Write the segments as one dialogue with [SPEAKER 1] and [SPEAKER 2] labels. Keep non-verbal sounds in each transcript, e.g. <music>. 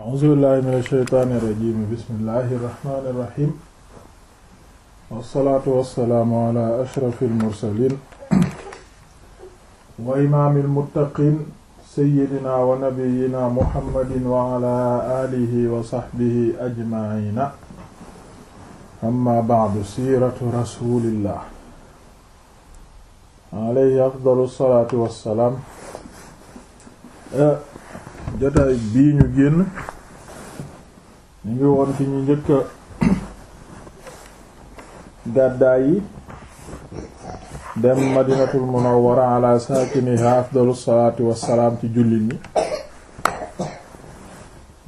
[SPEAKER 1] a'uuzu billahi mina shaytaani rajiim bismillahi rahmaani rahiim wassalaatu wassalaamu ala ashrafil mursaliin wa imaamil muttaqiin sayyidina wa nabiyyina muhammadin wa ala aalihi wa sahbihi ajma'iina amma ba'du siiratu rasuulillah alayhi afdalu salaatu wassalaam eh, jotaay bii ñu génn ñu ngi woon fi ñu njëkk a <coughs> gàddaay yi dem madinatul munawwara ala saakiniha afdalu salaatu wassalaam ci jullit ñi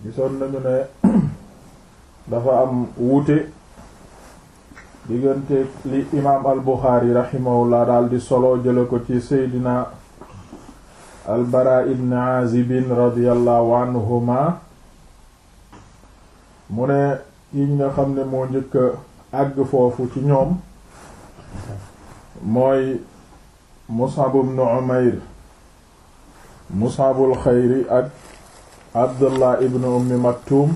[SPEAKER 1] gisoon nañu ne <coughs> dafa am wuute diggante li imaam al Buxaari rahimahullah daal di solo jële ko ci Seydina albara ibn azibin radiallahu anhuma mu ne yi nga xam ne moo njëkk a foofu ci ñoom mooy musab ibn umayr musabul xayri ak abdullah ibn ummi maktum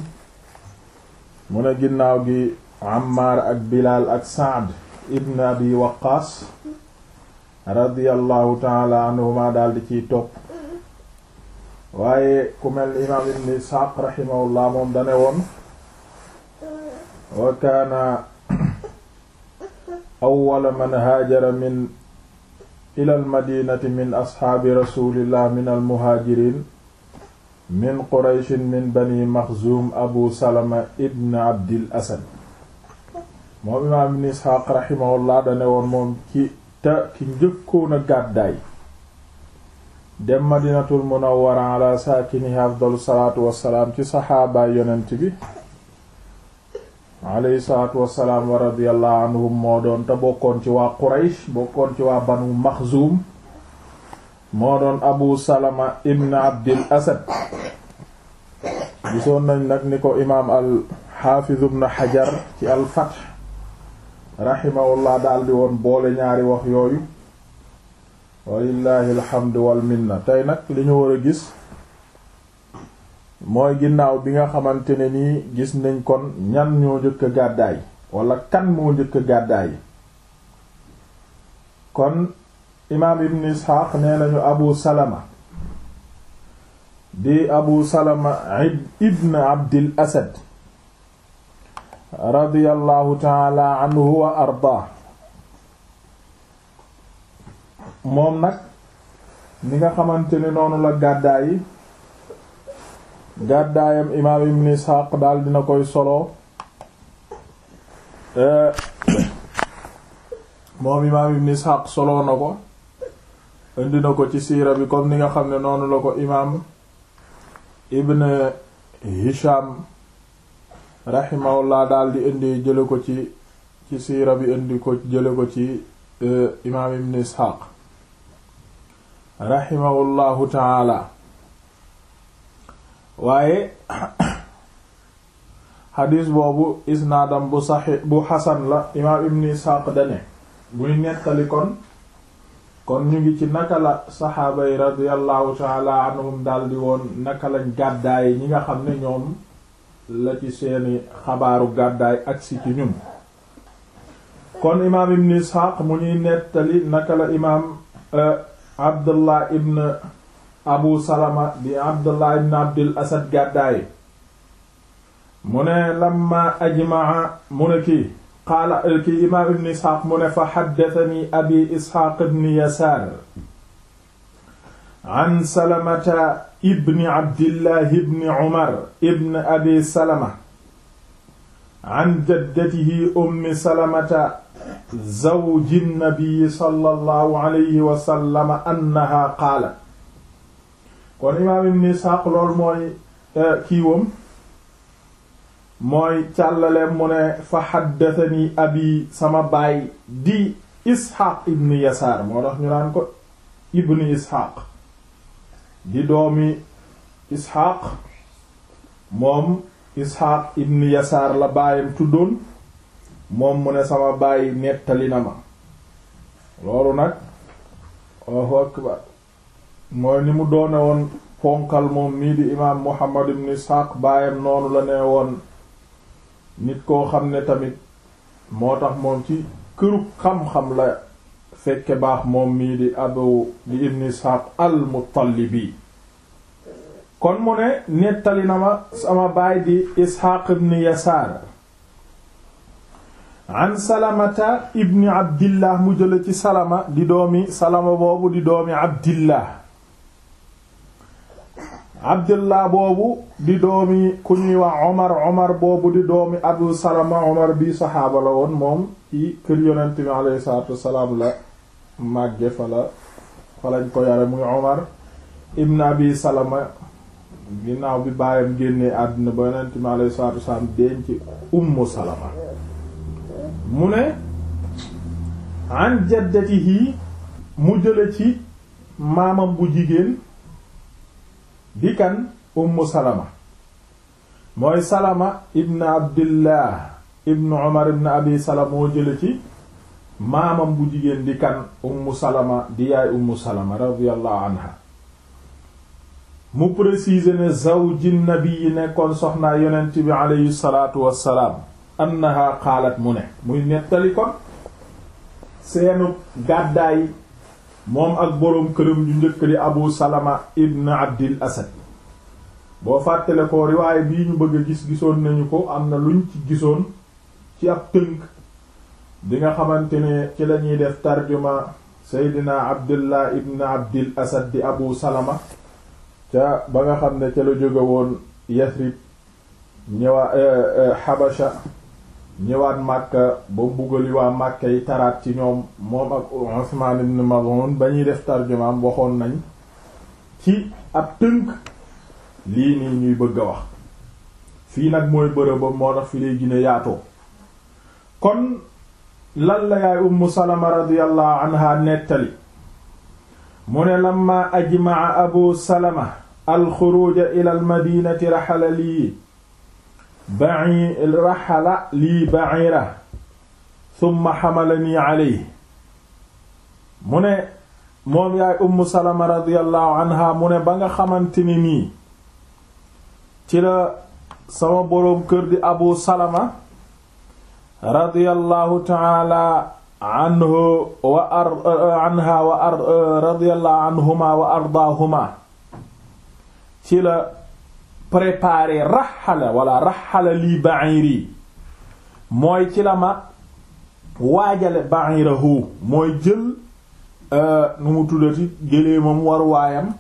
[SPEAKER 1] mu ne ginnaaw gi ammaar ak bilaal ak saad ibn abi waqaas radiyallahu taala anhuma daal di ciy topp waaye mel imaam ibn Isxaaq rahimahullah moom dane woon wa kaana awwala man haajara min min almuhaajirin min qurayshin min bani maxzuum abu salama ibn abdil asad te ki njëkkoon a gàddaay dem madinatul munawwara ala afdalu salaatu wassalaam ci saxaabaay yonent bi alayhi salaatu wassalaam wa radiyallahu anhum moo doon te bokkoon ci waa quraysh bokkoon ci waa banu maxzuum moo doon abu salama ibn abdil asad gisoon nañ nag ni ko imaam al xaafiz ibn xajar ci al fath rahimahullah daal di woon boole ñaari wax yooyu walillahi alhamdu wal tey nag li ñu war a gis mooy ginnaaw bi nga xamante ne nii gis nañ kon ñan ñoo njëkk a gàddaay wala kan moo njëkk a gàddaay kon imaam ibn isxaaq nee nañu abu salama di abu salama ibn abdil asad radiyallahu taala anhu wa arda moom nag ni nga xamante ni noonu la gàddaayi gàddaayam imaam ibn Isxaaq daal dina koy solo eh, moom imaam ibn Isxaaq solo na ko indi na ko ci siira bi comme ni nga xam ne noonu la ko imaam ibn Hisham rahimahullah daal di indi jële ko ci ci siira bi indi ko jële ko ci e, imaam ibn isxaaq rahimahullahu taala waaye xadiis <coughs> boobu isnaadam bu saxi bu xasan la imaam ibn isxaaq dane buy nettali kon kon ñu ngi ci naka la saxaaba yi radiallahu taala anhum daldi woon naka lañ gàddaaye ñi nga xam ne ñoom la ci seeni xabaaru gàddaay agsi ci ñun kon imaam ibn isxaaq mu ñuy nettali naka imaam eh, abdullah ibn abu salama bi abdullah ibn abdul asad gàddaay mu ne lamma ajmaa mu ne kii qaala eh, kii imaam ibn isxaaq mu ne fa xaddatani abi isxaaq ibn yasaar an salamata ibni abdillahi ibni umar ibni abi salama an jaddatihi ummi salamata zawji nnabiyi sallallahu alayhi wa sallama annaha qaalat kon imaam ibn isxaaq lool mooy eh, kiiwam mooy càllale mu ne fa xaddatani abi sama baay di isxaaq ibn yasaar moo tax ñu naan ko ibn isxaaq di doomi isxaaq moom isxaaq ibn yasaar la baayam tuddoon moom mu ne sama baay nettali na ma loolu nag Allahu akbar mooy ni mu doone woon ponkal moom nii di imaam Muhammad ibn Isxaaq baayam noonu la ne woon nit koo xam ne tamit moo tax moom ci këru xam-xam la fekke baax moom mii di abu di ibn isxaaq al-Muttalibi kon mu ne nettali na ma sama baay di isxaaq ibn yasaar an salamata ibni abdillah mu jële ci salama di doomi salama boobu di doomi abdillah abdillah boobu di doomi ku ñuy wax omar omar boobu di doomi abu salama omar bi saxaaba la woon moom ci kër yonent bi la màgge fala falañ ko yare muy Omar ibn Abi Salama ginnaaw bi baayam génnee àdduna ba yonent mi alayhi salaatu wasalaam denc Ummu Salama mu ne an jaddatihi mu jële ci maamam bu jigéen di kan Ummu Salama mooy Salama ibn Abdillah ibn Omar ibn Abi Salama moo jële ci maamam bu jigéen di kan ummu salama di yaay ummu salama radiyallahu anha mu préciser ne zawjin nabi nekkoon soxnaa yonent bi aleyhi salaatu wassalaam annaha xaalat mu ne muy nettali kon seenu gàddaay moom ak boroom këram ju njëkk di abu salama ibn abdil asad boo fàttale ko riwaay bii ñu bëgg a gis gisoon nañu ko am na luñ ci gisoon ci ab tënk bi nga xamante ne ci la ñuy def tarjuma seydina abdullah ibn abdil asad di abu salama ca ba nga xam ne ca la jóge woon yasrib ñëwaa xabasha eh, eh, ñëwaat màkka ba mbugali waa màkka yi taraat ci ñoom moom ak Usman ibn Maz'un ba ñuy def tarjumaam waxoon nañ ci ab tënk lii nii ñuy bëgg a wax fii nag mooy bërëbam moo tax fi lay gine yaatoo kon lan la yaay ummu salama radiyallahu anha nettali mu ne lamma ajmaa abu salama alxuruuja ila almadinati raxala lii bai raxala lii baira summa xamalanii aleyhi mu ne moom yaay ummu salama radiyallahu anha mu ne ba nga xamante ni nii ci la sama boroom kër di abu salama radiyallahu taala anhu wa ar anha radiyallahu anhuma wa ardaahuma ci la préparé raxala wala raxala lii ba'iri mooy ci la ma waajale ba'irahu mooy jël euh, nu mu tuddati war waayam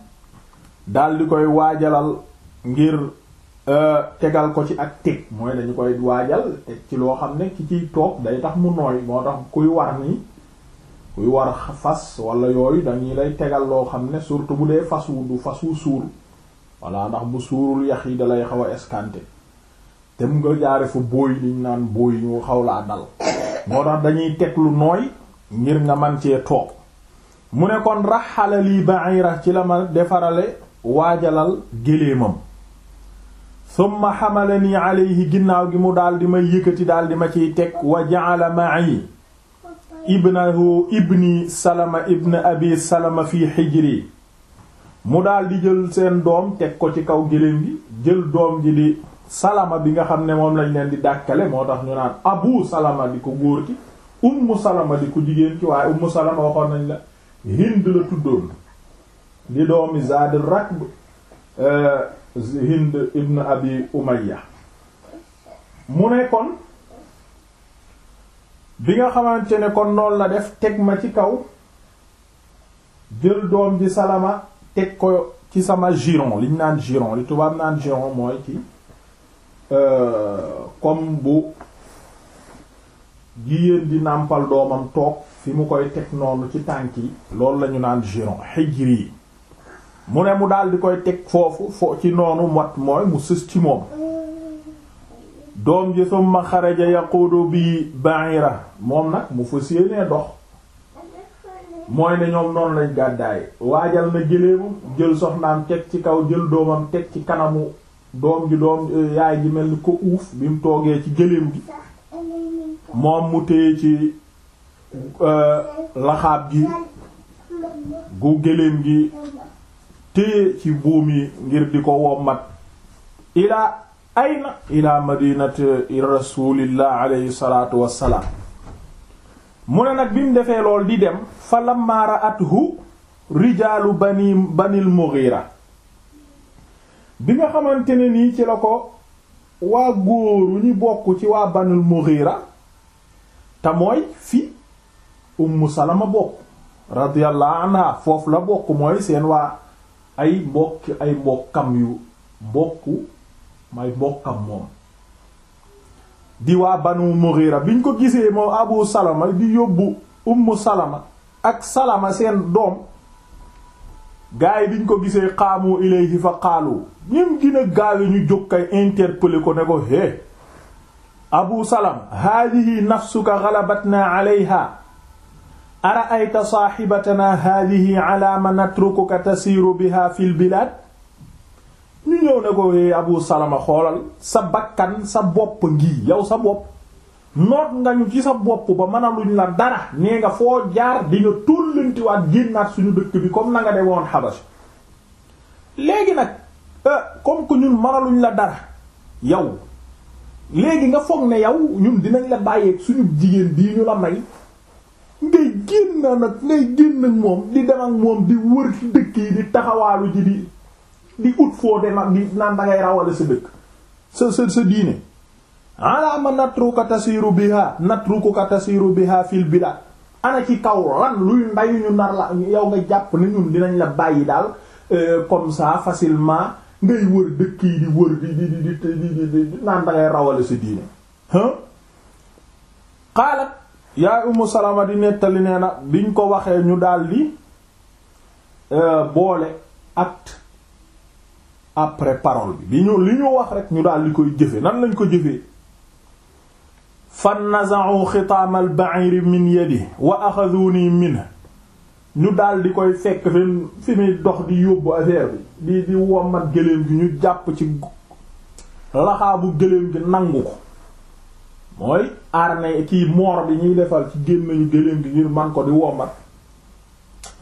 [SPEAKER 1] dal koy waajalal ngir Euh, tegal ko ci ak teg mooy dañu koy waajal teg ci loo xam ne ki ciy toog day tax mu nooy moo tax kuy war nii kuy war fas wala yooyu dañuy lay tegal loo xam ne surtout bu dee fas wu du fas wu suur walla ndax bu suurul yax yi dalay xaw a escanté te mu nga jaare fa booy liñ naan booy ñu xaw laa dal moo tax dañuy teg lu nooy ngir nga man cee toog mu ne kon raxala lii ba'ira ci la ma defarale waajalal géléemam summa xamalani alayhi ginnaaw gi mu daal di ma yëkkati daal di ma ciy teg wa ja'ala ma'i ibnahu ibni salama ibn abi salama fi xijri mu dal di jël seen doom teg ko ci kaw géléem gi jël doom ji di salama bi nga xam ne moom lañ leen di dàkkale moo tax ñu naan abu salama di ko góor ki ummu salama di ko jigéen ci waaye ummu salama waxoon nañ la hind la tuddoon di doomi zaad rakb euh, Hind ibn Abi Umayya mu ne kon bi nga xamante ne kon noonu la def teg ma ci kaw jël doom ji Salama teg ko ci sama giron liñ naan giron li tubaab naan giron mooy ci kom euh, bu jigéen di nàmpal doomam toog fi mu koy teg noonu ci tànk yi loolu lañu naan giron xijri mu ne mu daal di koy teg foofu fo ci noonu wat mooy mu sës ci moom doom ji summa xaraja yaquudu bi ba'ira moom nag mu fa séenee dox mooy ne ñoom noonu lañ gàddaay waajal na gëléemam jël soxnaam teg ci kaw jël doomam teg ci kanamu doom ji doom yaay ji mel ni ko uuf bi mu toogee ci gëléem gi moom mu téye ci euh, laxaab gi gu gëléem gi téye ci buum yi ngir di ko wommat ilaa ayna ilaa madinati rasulillah alayhi salatu wassalaam mu ne nag bi mu defee lool di dem fa at ra'athu rijaalu bani banil mughira bi nga xamante ne nii ci la ko waa góoru ñi bokk ci waa banul mughira te mooy fi ummu salama bokk radiyallahu anha foofu la bokk mooy seen waa ay mbokki ay mbokkam yu mbokku may mbokkam moom di waa banu Mughira biñ ko gisee moom Abu Salama di yóbbu Ummu Salama ak Salama seen doom gaa yi biñ ko gisee xaamu ilayhi fa xaalu ñim gën a gaawe ñu jóg kay interpeller ko ne ko hé Abu Salama haadihi nafsuka ghalabatna alayha ara'ayta saaxibatana haadihi ala ma natrukuka tasiiru biha fil bilaad ñu ñëw ne ko yee abu salama xoolal sa bakkan sa bopp ngi yow sa bopp noot nga ñu ci sa bopp ba mën a luñ la dara nee nga foo jaar di nga tullantiwaat génnaat suñu dëkk bi comme na nga dem woon xabas léegi nag euh, comme que ñun mën la dara yow léegi nga foog ne yow ñun dinañ la bàyyeeg suñu jigéen bii ñu la may ngay génn nag ngay génn ak moom di dem ak moom di wër dëkk yi di taxawaalu ji di di ut foo dem ak di naan dangay rawale sa dëkk sa sa sa diine alaama natruka tasiru biha natruka tasiru biha fil bida ana ci kaw lan luy ndayu nar la yow nga jàpp ne ñun dinañ la bàyyi daal euh, comme ça facilement ngay wër dëkk yi di wër di di di di naan dangay rawale sa diine hein qaalat yaay Umu Salama di nettali nee na biñ ko waxee ñu daldi euh, boole acte après parole bi bi ñu li ñu wax rek ñu daldi koy jëfe nan lañ ko jëfee fan naza'u xitaam al ba'ir min yadi wa axaduni min ñu daldi koy fekk fi fi muy dox di yóbbu affaire bi di di wommat gëléem gi ñu jàpp ci laxaabu gëléem gi nangu ko mooy armée kii mooro bi ñuy defal ci génn nañu gëléem gi ngir man ko di wombat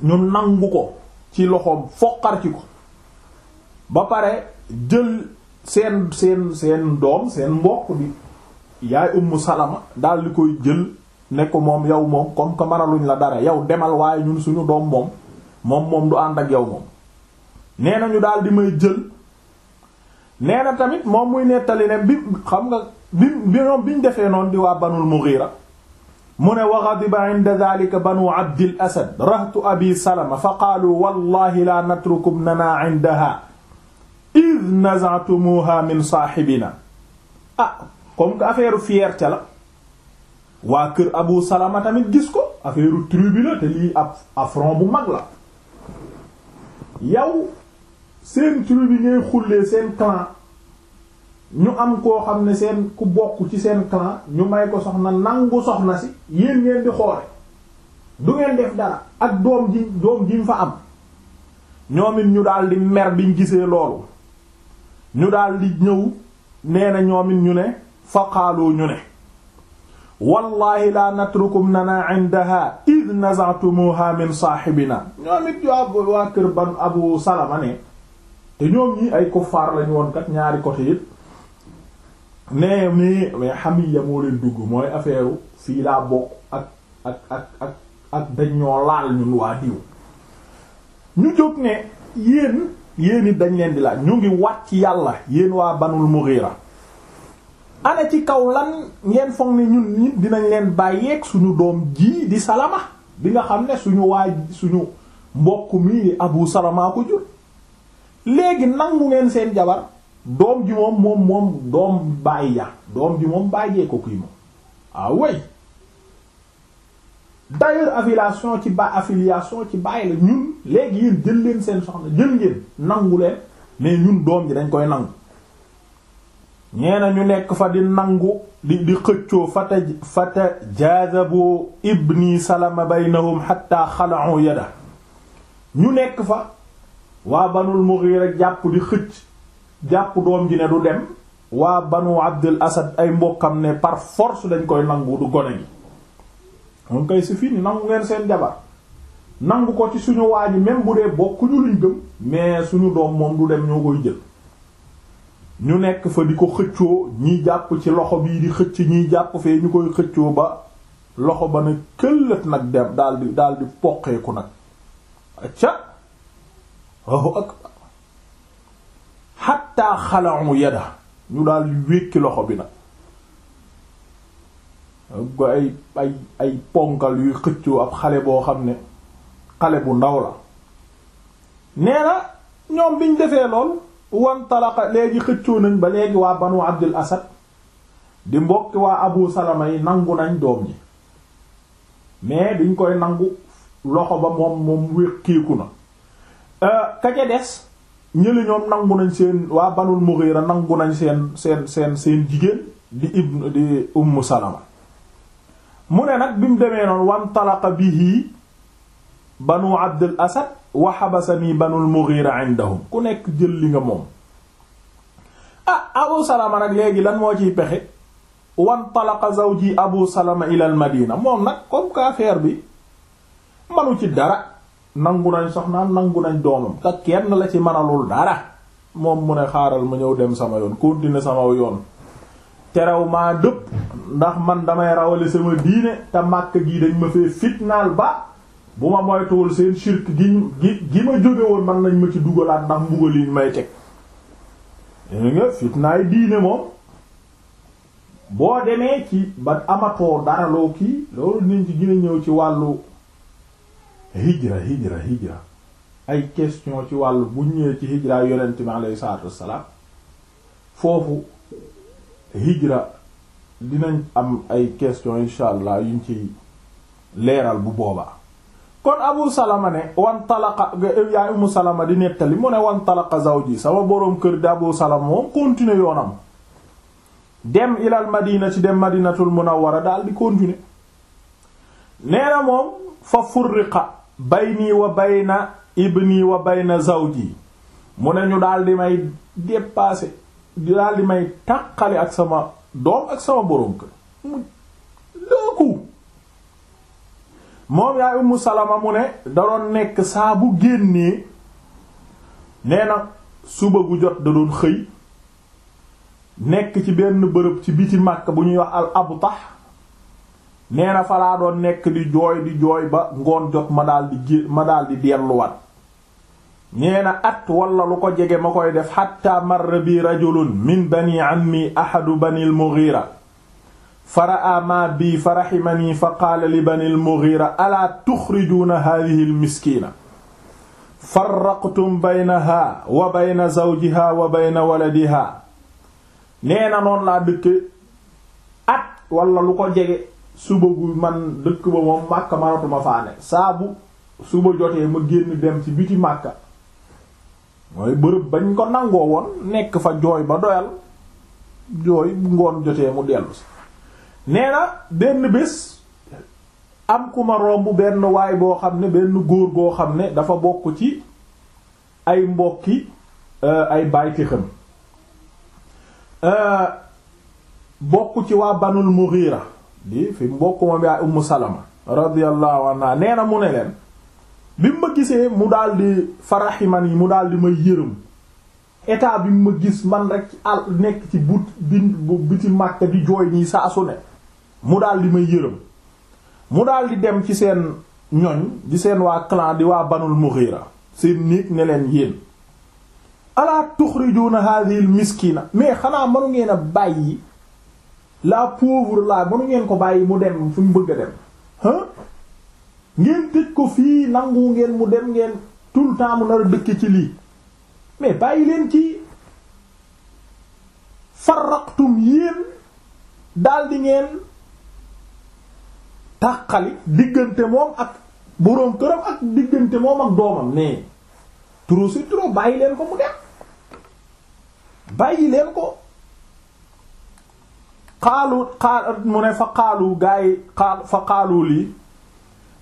[SPEAKER 1] ñu nangu ko ci loxoom foqar ci ko ba pare jël seen seen seen doom seen mbokk bi yaay ummu salama daal di koy jël ne ko moom yow moom comme que maraluñ la dara yow demal waaye ñun suñu doom moom moom moom du ànd ak yow moom nee na ñu daal di may jël nee na tamit moom muy nettali ne bi xam nga bi ñoom bi ñu defee noonu di waa banul Mughira mu ne wa ghadiba inda dhalika banu Abdil Asad rahtu abi Salama fa qaalu wallahi la natrukubnana indaha id naza'tumuha min saahibina ah comme que affaire fierté la waa kër Abu Salama tamit gis ko affaire tribu la te lii ab affront bu mag la yow seen tribu bi ngay xullee seen clan ñu am koo xam ne seen ku bokk ci seen clan ñu may ko soxna nangu soxna si yéen ngeen di xool du ngeen def dara ak doom ji doom ji mu fa am ñoomit ñu daal di mer biñ gisee loolu ñu daldi ñëw nee na ñoomit ñu ne faqaaloo ñu ne wallahi la natrukum nana indaha id nazatumuha min saaxibina ñoomit waa waa kër ban abu salama ne te ñoom ñi ay kuffaar lañu woon ñaari côté yépp nee mais mais xamiya moo leen dugg mooy affaire fii laa bokk ak ak ak ak ak dañoo laal ñun waa diw ñu jóg ne yéen yéen it dañ leen di laaj ñu ngi wat ci yàlla yéen waa banul Mughira ana ci kaw lan ngeen foog ne ñun nit dinañ leen bàyyeeg suñu doom ji di salama bi nga xam ne suñu waa suñu mbokk mi Abu Salama ko jur léegi nangu ngeen seen jabar doom ji moom moom moom doom bàyyi ja doom ji moom bàyyee ko kii moom ah way d'ailleurs affiliation ci ba affiliation ci bàyyi la ñun léegi yéen jël leen seen soxna jël ngeen nangu leen mais ñun doom ji dañ koy nangu ñeena ñu nekk fa di nangu di di xëccoo fata fata jazabu ibni salama baynahum hatta xala'u yada ñu nekk fa waa banul Mughira jàpp di xëcc jàpp doom ji ne du dem waa banu abdul asad ay mbokkam ne par force dañ koy nangu du gone gi moom kay si fii ni nangu ngeen seen jabar nangu ko ci suñu waa ji même bu dee bokkuñu luñ gëm mais suñu doom moom du dem ñoo koy jël ñu nekk fa di ko xëccoo ñiy jàpp ci loxo bii di xëcc ñiy jàpp fee ñu koy xëccoo ba loxo ba na këllët nag dem daldi daldi poqeeku nag acca waaw xatta xalau yada ñu daal wékki loxo bi nag ay ay ay ponkal yuy xëccoo ab xale boo xam ne xale bu ndaw la nee na ñoom biñ defee lool wan talaka léegi xëccoo nañ ba léegi waa banu abdul asad di mbokki waa abu salama yi nangu nañ doom ji mais biñ koy nangu loxo ba moom moom wékkiiku na euh, ka des ñëli nangu nañ seen waa banu Mughira nangu nañ seen seen seen jigéen di ibn di Umm Salama mu ne nag bi mu demee noonu wan talaqa bihi banu Abdul Asad wa habasani banul Mughira indahum ku nekk jël li nga ah, lan moo ciy pexe wan talaqa zawji Abu Salama ila al Madina moom nag comme que bi manu ci dara nangu nañ soxnaam nangu nañ doomam te kenn la ci manalul dara moom mu ne xaaral ma ñëw dem sama yoon continuer sama yoon teraw maa dëpp ndax man damay rawale sama diine te màkk gi dañ ma fee fitnaal ba bu ma moytuwul seen shirk gi gi gi ma jóge man nañ ma ci dugalaat ndax mbugal yi may teg yéen nga fitnaay diine moom boo demee ci ba amatoo dara loo kii loolu dinañ ci gën ñëw ci wàllu hijra hijra ay question ci wàll bu ñëwee ci hijra yonent bi alayhi salaatu wassalaam foofu hijra dinañ am ay question insha allah yuñ ci leeral bu boobaa kon abu salaama ne wan talaqa yaay umu salama di nettali mu ne wan talaqa zawji sama boroom kër di abu salama moom continuer yoonam dem ilal madina ci dem madinatul munawwara daal di continuer nee moom fa furriqa bayni wa bayna ibni wa bayna zawji mu ne ñu daal di may dépasser di daal di may taqale ak sama doom ak sama borom kër mu lëkku moom yaay Ummu Salama mu ne da nekk saa bu génnee nee na suba gu jot da xëy nekk ci benn bërëb ci biti Makka bu ñuy wax al Abtah nee na falaa doon nekk di jooy di jooy ba ngoon jot ma daal di gé at wala lu ko jege ma koy def xatta marra bi rajulun min bani ammi ahadu bani al fa ra'a maa bii fa raximanii fa qaala li bani al alaa tuxrijuuna haadihi miskiina farraqtum baynaha wa bayna zawjiha wa bayna waladiha nee na laa dëkke at wala lu ko jege suba gu man dëkk ba moom màkka manatuma faa ne saa suba jotee ma génn dem ci biti màkka mooy bërëb bañ ko nangoo woon nekk fa jooy ba doyal jooy bu ngoon jotee mu dellu si nee na benn bés am ku ma romb benn waay boo xam ne benn góor goo xam ne dafa bokk ci ay mbokki euh, ay bayti xam euh, bokk ci waa Banul Mughira di fi mbokk moom yaay Ummu Salama radiyallahu anha nee na mu ne leen bi mu ma gisee mu daldi di faraximan yi mu daal di may yërëm état bi mu ma gis man rek ci nekk ci but bi ci Makka di jooy nii saa ne mu daal di may yërëm mu daal di dem ci seen ñoñ di seen waa clan di waa Banul Mughira seen néeg ne leen yéen alaa tuxrijuuna haadihil miskina mais xanaa mënu ngeen a bàyyi la pauvre la mënu ngeen ko bàyyi mu dem fu mu bëgg a dem ah ngeen tëj ko fii nangu ngeen mu dem ngeen tout le temps mu nar a dëkk ci lii mais bàyyi leen ci farraqtum yéen daldi ngeen tàqali diggante moom ak boroom këram ak diggante moom ak doomam mais trop c'est trop bàyyi leen ko mu dem bàyyi leen ko xaalu xaal mu ne fa xaalu gars yi xaal fa xaalu lii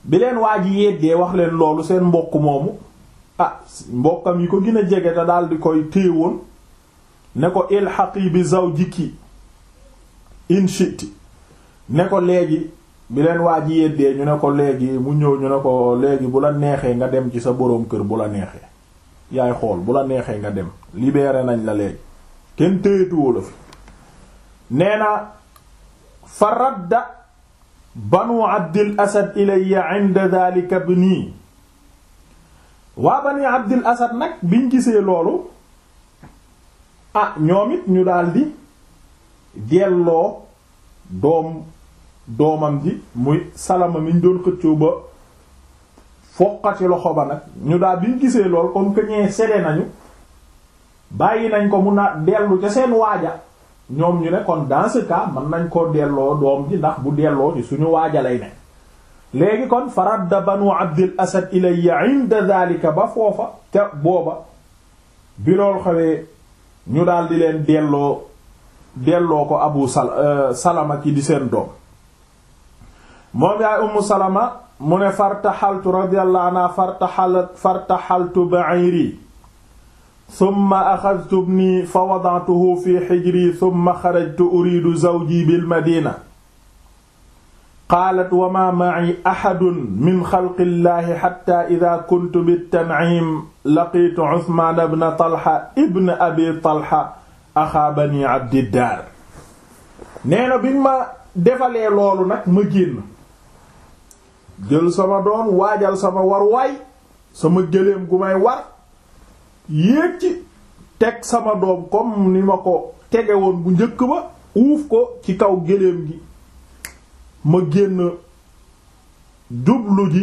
[SPEAKER 1] bi leen waa ji yeddee wax leen loolu seen mbokk moomu ah mbokkam yi ko gën jege te daal koy koy woon ne ko ilhaqi bi zawjiki in shi'ti ne ko léegi bi leen waa ji yeddee ñu ne ko léegi mu ñëw ñu ne ko léegi bu la neexee nga dem ci sa boroom kër bu la neexee yaay xool bu la neexee nga dem libéré nañ la léegi kenn téyetuwoo la fi nee na fa radda banu abdil asad ilayya inda dhalika ibni waa bani abdil asad nag biñ gisee loolu ah ñoom it ñu daldi delloo doom doomam ji muy salama miñ doon xëccoo ba foqati loxo ba nag ñu daal biñ gisee lool comme que sede nañu bàyyi nañ ko mu na dellu ca seen waaja ñoom ñu ne kon dans ce mën nañ koo delloo doom ji ndax bu delloo ci suñu waajalay ne léegi kon faradda banu abdil asad ilayya inda dhalika ba foofa ca booba bi lool ñu daal leen delloo delloo ko abu sal euh, salama ki di seen doom moom yaay ummu salama mu ne fartaxaltu radiyallahu anha fartaxal fartaxaltu ba'iri summa axadtu ibnii fa wada'tuhu fi xijri summa xarajtu uriidu zawji bil madina qaalat wa maa ma'i axadun min xalqillaahi xattaa idaa kuntu bit-Tanciim laqiitu Usmaan ibna Talha ibn Abi Talha axaa banii Abdiddaar nee na biñ ma defalee loolu nag ma génn jël sama doon waajal sama war waay sama gëléem gu may war yéeg ci teg sama doom comme ni ma ko tege woon bu njëkk ba uuf ko ci kaw géléem gi ma génn jublu ji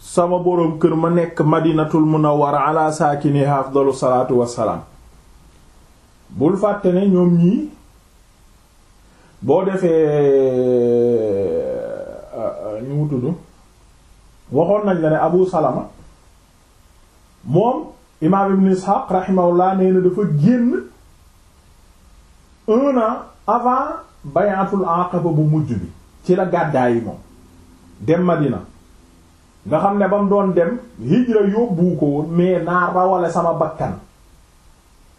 [SPEAKER 1] sama boroom kër ma nekk madinatul munawwara ala saakini afdalu salaatu wassalaam bul fàtte ñoom ñii boo defee ñu euh, mu waxoon nañ la ne Abu Salama moom imaam ibn Ishaq rahimahullah nee na dafa génn avant bayatul aqaba bu mujj bi ci la gàddaay yi moom dem Madina nga xam ne ba mu doon dem hijra yóbbu ko woon mais naa rawale sama bakkan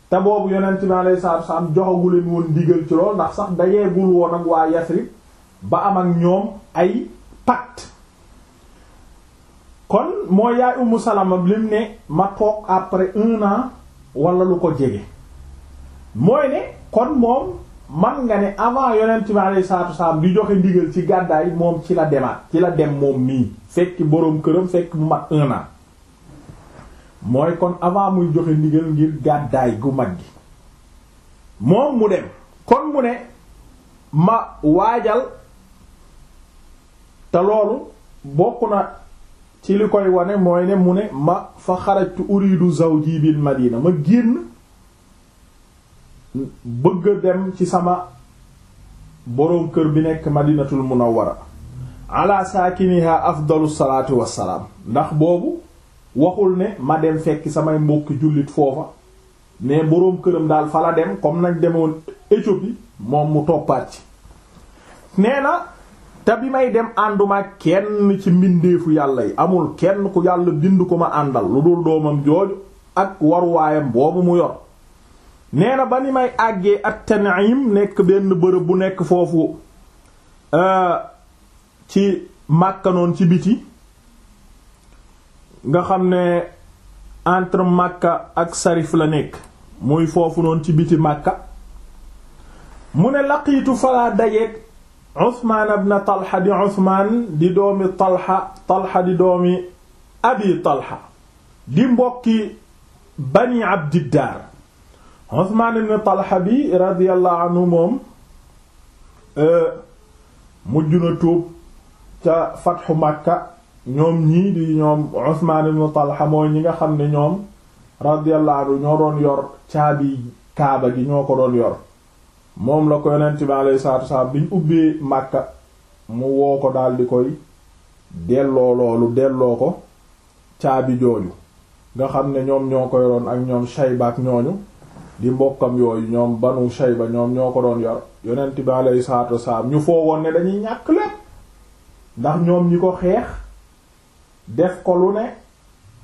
[SPEAKER 1] te boobu yonent bi alayhi salaatu salaam joxaguleen woon ndigal ci lool ndax sax dayeegul woon ak waa Yasrib ba am ak ñoom ay pacte kon mooy yaay Ummu Salama lim ne ma toog après un an lu ko jege mooy ne kon moom man nga ne avant yonent bi alayhi salaatu wasalaam di joxe ndigal ci gàddaay moom ci la demaat ci la dem moom nii fekk boroom këram fekk mu mat un an mooy kon avant muy joxe ndigal ngir gàddaay gu mag gi moom mu dem kon mu ne ma waajal te loolu bokk na ci li koy wane mooy ne mu ne ma fa xarajtu uridu zawji bil madina ma génn bëgg a dem ci sama boroom kër bi nekk madinatul munawwara ala saakiniha afdalu salaatu wassalaam ndax boobu waxul ne ma dem fekk samay mbokk jullit foofa mais boroom këram daal fala la dem comme nañ demoon Éthiopie moom mu toppaat ci nee te bi may dem ànduma kenn ci mbindeefu yàlla yi amul kenn ku yàlla bind ko ma àndal lu dul doomam jooju ak waruwaayam boobu mu yor nee na ba ni may àggee ak Tan'im nekk benn bërëb bu nekk foofu euh, ci Makka noon ci biti nga xam ne entre màkka ak Sarif la nekk muy foofu noonu ci biti màkka mu ne laqiitu falaa dajeek Usmaan ibn Talha di Usmaan di doomi Talha Talha di doomi Abi Talha di mbokki Bani Abdiddaar Usmaan ibn Talha bi radiyallahu moom e, mujj na tuub ca Fathu Makka ñoom ñii di ñoom Usmaan mooy ñi nga xam ne ñoom radiyallahu ñoo doon yor caabi Kaaba gi ñoo ko doon yor moom la ko yonent bi alayhi salaatu wasalaam bi ñu ubbee Màkka mu woo ko daldi koy delloo loolu delloo ko caabi jooju nga xam ne ñoom ñoo ko yoroon ak ñoom Shayba ak ñooñu di mbokkam yooyu ñoom banu Shayba ñoom ñoo ko doon yor yonent bi alayhi salaatu wasalaam ñu foogoon ne dañuy ñàkk lépp ndax ñoom ñi ko xeex def ko lu ne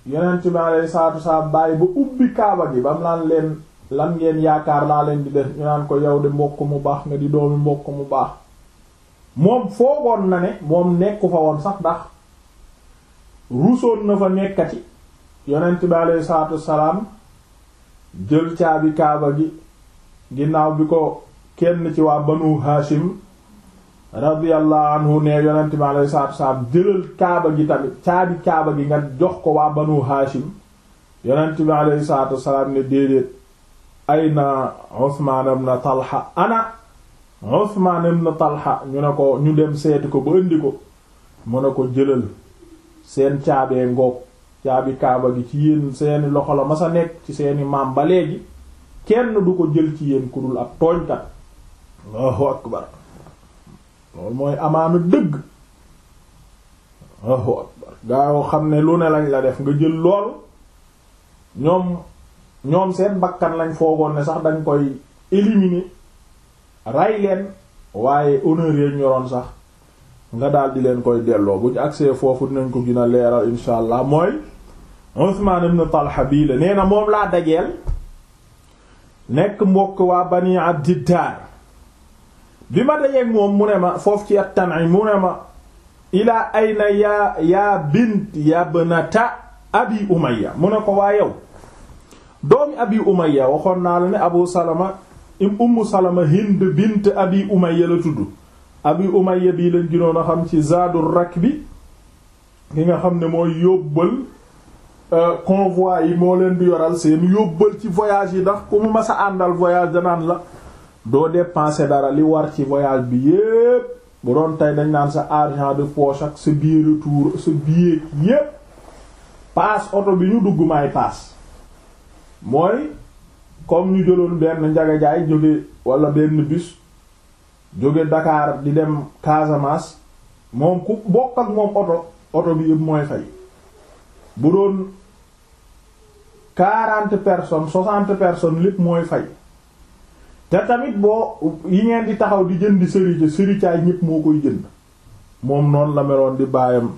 [SPEAKER 1] yonent bi alayhi salaatu wasalaam bàyyi ba ubbi kaaba gi ba mu naan leen lan ngeen yaakaar laa leen di def ñu naan ko yow de mbokk mu baax nga di doomi mbokk mu baax moom foogoon na ne moom nekku fa woon sax ndax ruusoon na fa nekkati yonent bi aleyhi salaatu wassalaam jël caabi kaaba gi ginnaaw bi ko kenn ci waa banu Hashim radiyallahu anhu ne yonent bi aleyhi salaatu wassalaam jëlal kaaba gi tamit caabi kaaba gi nga jox ko waa banu Hashim yonent bi aleyhi salaatu wassalaam ne déedéet ayna Usmaan ibn Talha ana Usmaan ibn Talha ñu ne ko ñu dem seeti ko ba indi ko mu ne ko jëlal seen caabee ngoog caabi kaaba gi ci yéen seeni loxo la ma sa nekk ci seeni maam ba léegi kenn du ko jël ci yéen ku dul ab tooñkat Allahu akbar loolu mooy amaanu dëgg Allahu akbar gaa yoo xam ne lu ne lañ la def nga jël lool ñoom ñoom seen bakkan lañ foogoon ne sax dañ koy éliminer ray leen waaye honneur yañ yoroon sax nga daal di leen koy delloo bu agsee foofu dinañ ko gën a leeral insha allah mooy Usman ibn Talha bii la nee na moom laa dajeel nekk mbokk waa Bani Abdiddar bi ma dajeeg moom mu ne ma foofu ci at-Tan'im mu ne ma ilaa ayna yaa yaa bint ya banata abi Umayya mu ne ko waa yow doomi abi umayya waxoon naa la ne abu salama ummu salama hind bint abi umayya la tudd abi umayya bii lañ ginoon a xam ci zaadul rakk bi ki nga xam ne mooy yóbbal euh, convoi yi moo leen di yoral seen yóbbal ci voyage yi ndax ku mu masa àndal voyage danaan la doo dépenser dara li war ci voyage bi yépp bu doon tey dañ naan sa argent de poche ak sa billet retour sa billet yépp paas oto bi ñu dugg paas mooy comme ñu jëloon benn njaga jóge wala benn bus jóge Dakar di dem Casamance moom ku bokk ak moom oto oto bi yëpp mooy fay bu doon quarante personnes soixante personnes lépp mooy fay te tamit boo yi ngeen di taxaw di jënd sërica sëricaay ñépp moo koy jënd moom noonu la meloon di baayam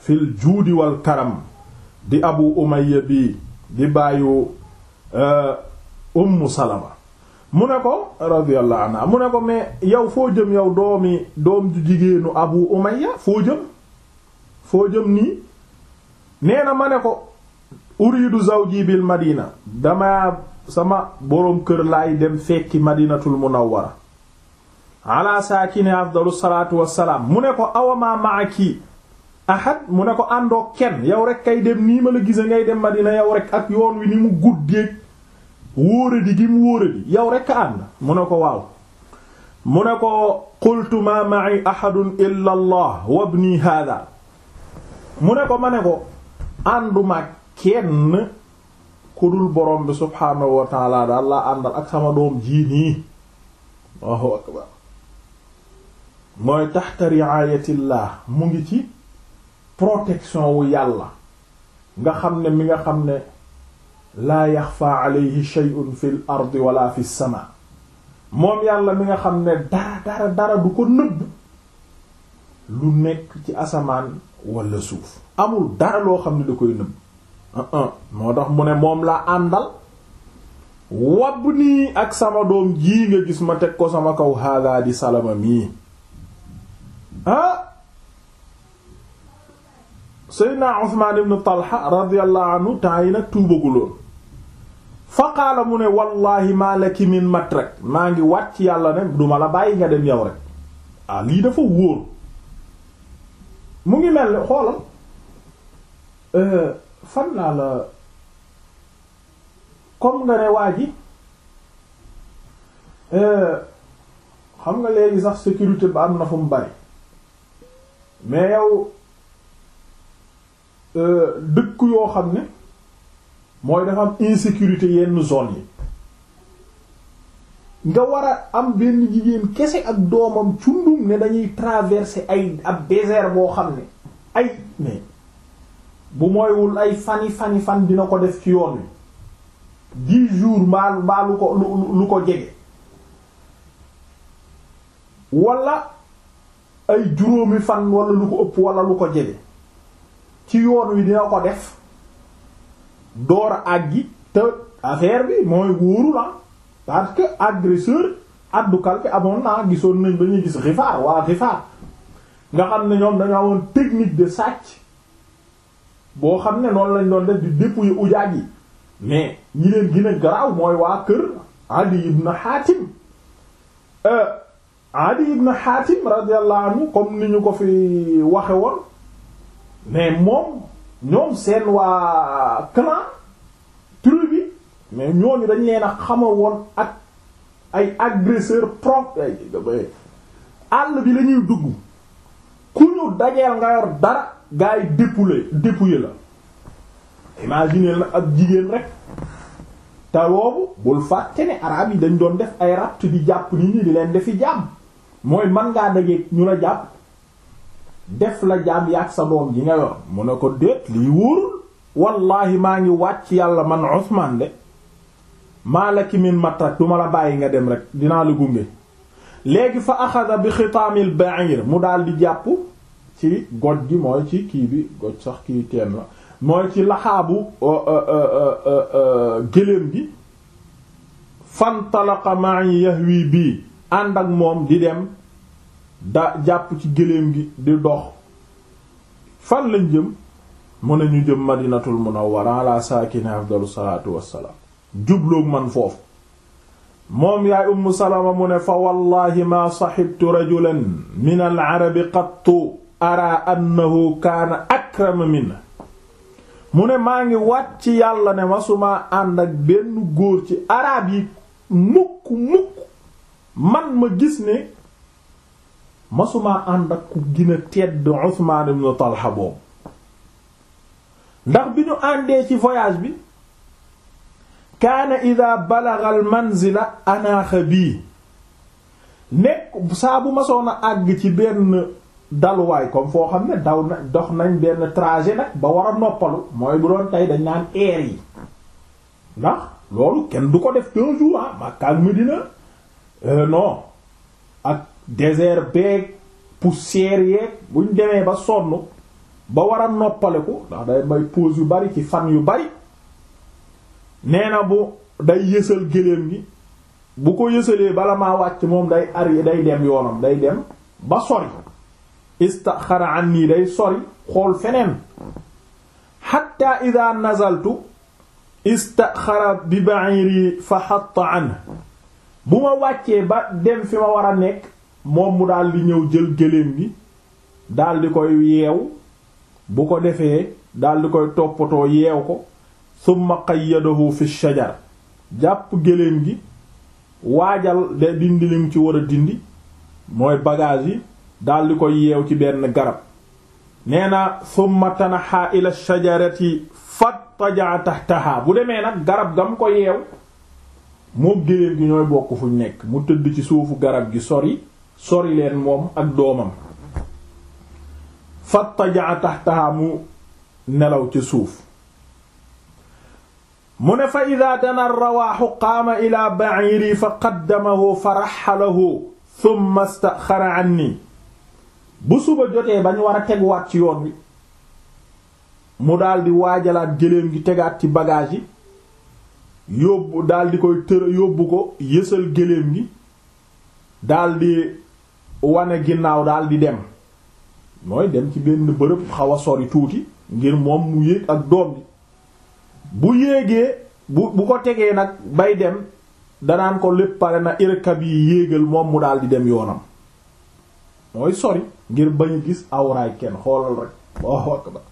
[SPEAKER 1] fil juudi wal karam di Abu Umayya bi di bàyyu euh, ummu salama mu ne ko radiyallahu anha mu ne ko mais yow foo jëm yow doomi doom ju jigéenu abu umayya foo jëm foo jëm nii nee na ma ne ko uridu zawji bil madina dama sama boroom kër laay dem fekki madinatul munawwara ala saakini afdalu salaatu salaam mu ne ko awama maaki ahad mu ne ko àndoo kenn yow rek kay dem nii ma la gise ngay dem Madina yow rek ak yoon wi ni mu guddeeg wóoradi gi mu wóoradi yow rek a ànd mu ne ko waaw mu ne ko qultu ma ma'i ahadun illa allah wa ibni hada mu ne ko ma ne ko ànduma kenn ku dul borom bi subhaanahu wa daal laa àndal ak sama doom jii nii Allahu mooy taxta riaayatillah mu ngi ci protection wu yàlla nga xam ne mi nga xam ne laa yaxfa alayhi shay'un fil ardi wala fis sama moom yàlla mi nga xam ne dara dara dara du ko nëbb lu nekk ci asamaan wala suuf amul dara loo xam ne da koy nëbb uh-uh. moo tax mu ne moom laa àndal wabb nii ak sama doom jii nga gis ma teg ko sama kaw haadaa di salama mii ah! Seydina Usmaan ibn Talha radiyallahu anhu temps yi nag fa qaala mu ne wallahi maa laki min matrak maa ngi wàcc yàlla ne duma la bàyyi nga dem yow rek ah lii dafa wóor mu ngi mel ni xoolal euh, fan laa la comme nga ne waa ji euh, xam nga léegi sax sécurité ba am na fu mu bari mais yow Euh, dëkk yoo xam ne mooy dafa am insécurité yenn zone yi nga war a am benn jigéen kese ak doomam cundum ne dañuy traverser ay ab désert boo xam ne ay mais bu mooywul ay fani fani fan dina ko def ci yoon wi dix jours mbaa mbaa lu ko lu ko jege wala ay juróomi fan wala lu ko ëpp wala lu ko jege ci yoon wi dina ko def door a àggi te affaire bi mooy wóoru la parce que agresseur addukal bi amoon naa gisoon nañ ba ñuy gis xifaar waa xifaar nga xam ne ñoom dañoo amoon technique de sàcc boo xam ne noonu lañ doon def di dépouiller ujaaj yi mais ñi leen gën garaaw mooy waa kër Adi ibn Hatim euh, Adi ibn Hatim radiyallahu anhu comme ni ñu ko fi waxe woon mais moom ñoom seen waa clan tribu bi mais ñooñu dañ leen a xamawoon ak ay agresseur prompt àll bi lañuy dugg ku ñu dajeel nga dara gars yi dépouiller dépouiller la imaginer nag ak jigéen rek te boobu bul fàtte ne arab yi dañ doon def ay rapt di jàpp nit ñi di leen defi jàmm mooy man ngaa dajeeg ñu la jàpp def la jaam yaag sa doom ji nga yor mu ne ko déet lii wóorul wallaahi maa ngi wàcc yàlla man Usmaan de maa la ki matrak du ma la bàyyi nga dem rek dinaa la gunge léegi fa axada bi xitaamil ba'ir mu daal di jàpp ci goj gi mooy ci kii bi goj sax kii teen la mooy ci laxaabu euh, euh, euh, gëléem gi fantalaqa ma'i yahwi bii ànd ak moom di dem da jàpp ci gëléem gi di dox fan lañ jëm mu ne ñu jëm madinatul munawwara ala saakina afdalu salaatu wassalaam jubloog man foofu moom yaay ummu salama mu ne fa wallahi maa saxibtu rajulan min al arabi qattu ara annahu kaana akrama mu ne maa ngi wàcc ci yàlla ne masuma ànd ak benn góor ci araab yi mukk mukk man ma gis ne masumaa ànd ak ku gën tedd Usmaan ibn Talha boobu ndax bi ñu àndee ci voyage bi kaana ida balagha al manzila anaaxa bii nekk saa bu masoon a àgg ci benn daluwaay comme foo xam ne daw dox nañ benn trajet nag ba war a noppalu mooy bu doon tey dañ naan air yi ndax loolu kenn du ko def deux jours ah Makka euh, non ak désert beeg poussière yeeg buñ demee ba sonn ba war a noppaleku ndax day may pause yu bari ci fan yu bari nee na bu day yësal géléem gi bu ko yësalee bala maa wàcc moom day ar day dem yoonam day dem ba sori istaxara an nii day sori xool feneen xatta ida nazaltu istaxara bi ba'iri fa xatta an bu ma wàccee ba dem fi ma war a nekk moom mu daal ñëw jël gëléem gi daldi di koy yeew bu ko defee daldi koy toppatoo yeew ko summa qayyadahu fi shajar jàpp gëléem gi waajal de dindi lim ci war a dindi mooy bagage yi daldi di koy yeew ci benn garab nee na summa tanaha ila ci fattaja tahtaha bu demee nag garab gam ko yeew moo gëléem gi ñooy bokk fu ñu nekk mu tëdd ci suufu garab gi sori sori leen moom ak doomam fattaja tahtaha mu nelaw ci suuf mu ne fa ida rawaaxu qaama ila baciiri fa qaddamahu fa raxalahu thumma staxara anni bu suba jotee bañ war a tegwaat ci yoon wi mu daldi waajalaat géléem gi tegaat ci bagage yi yóbbu daldi koy tër yóbbu ko yësal géléem gi daldi wane ginnaaw daal di dem mooy dem ci benn bërëb xaw a sori tuuti ngir moom mu yéeg ak doom bi bu yéegee bu bu ko tegee nag bay dem danaan ko lépp pare na irkab yi yéegal moom mu daal di dem yoonam mooy sori ngir bañu gis awraay kenn xoolal rek Allahu akbar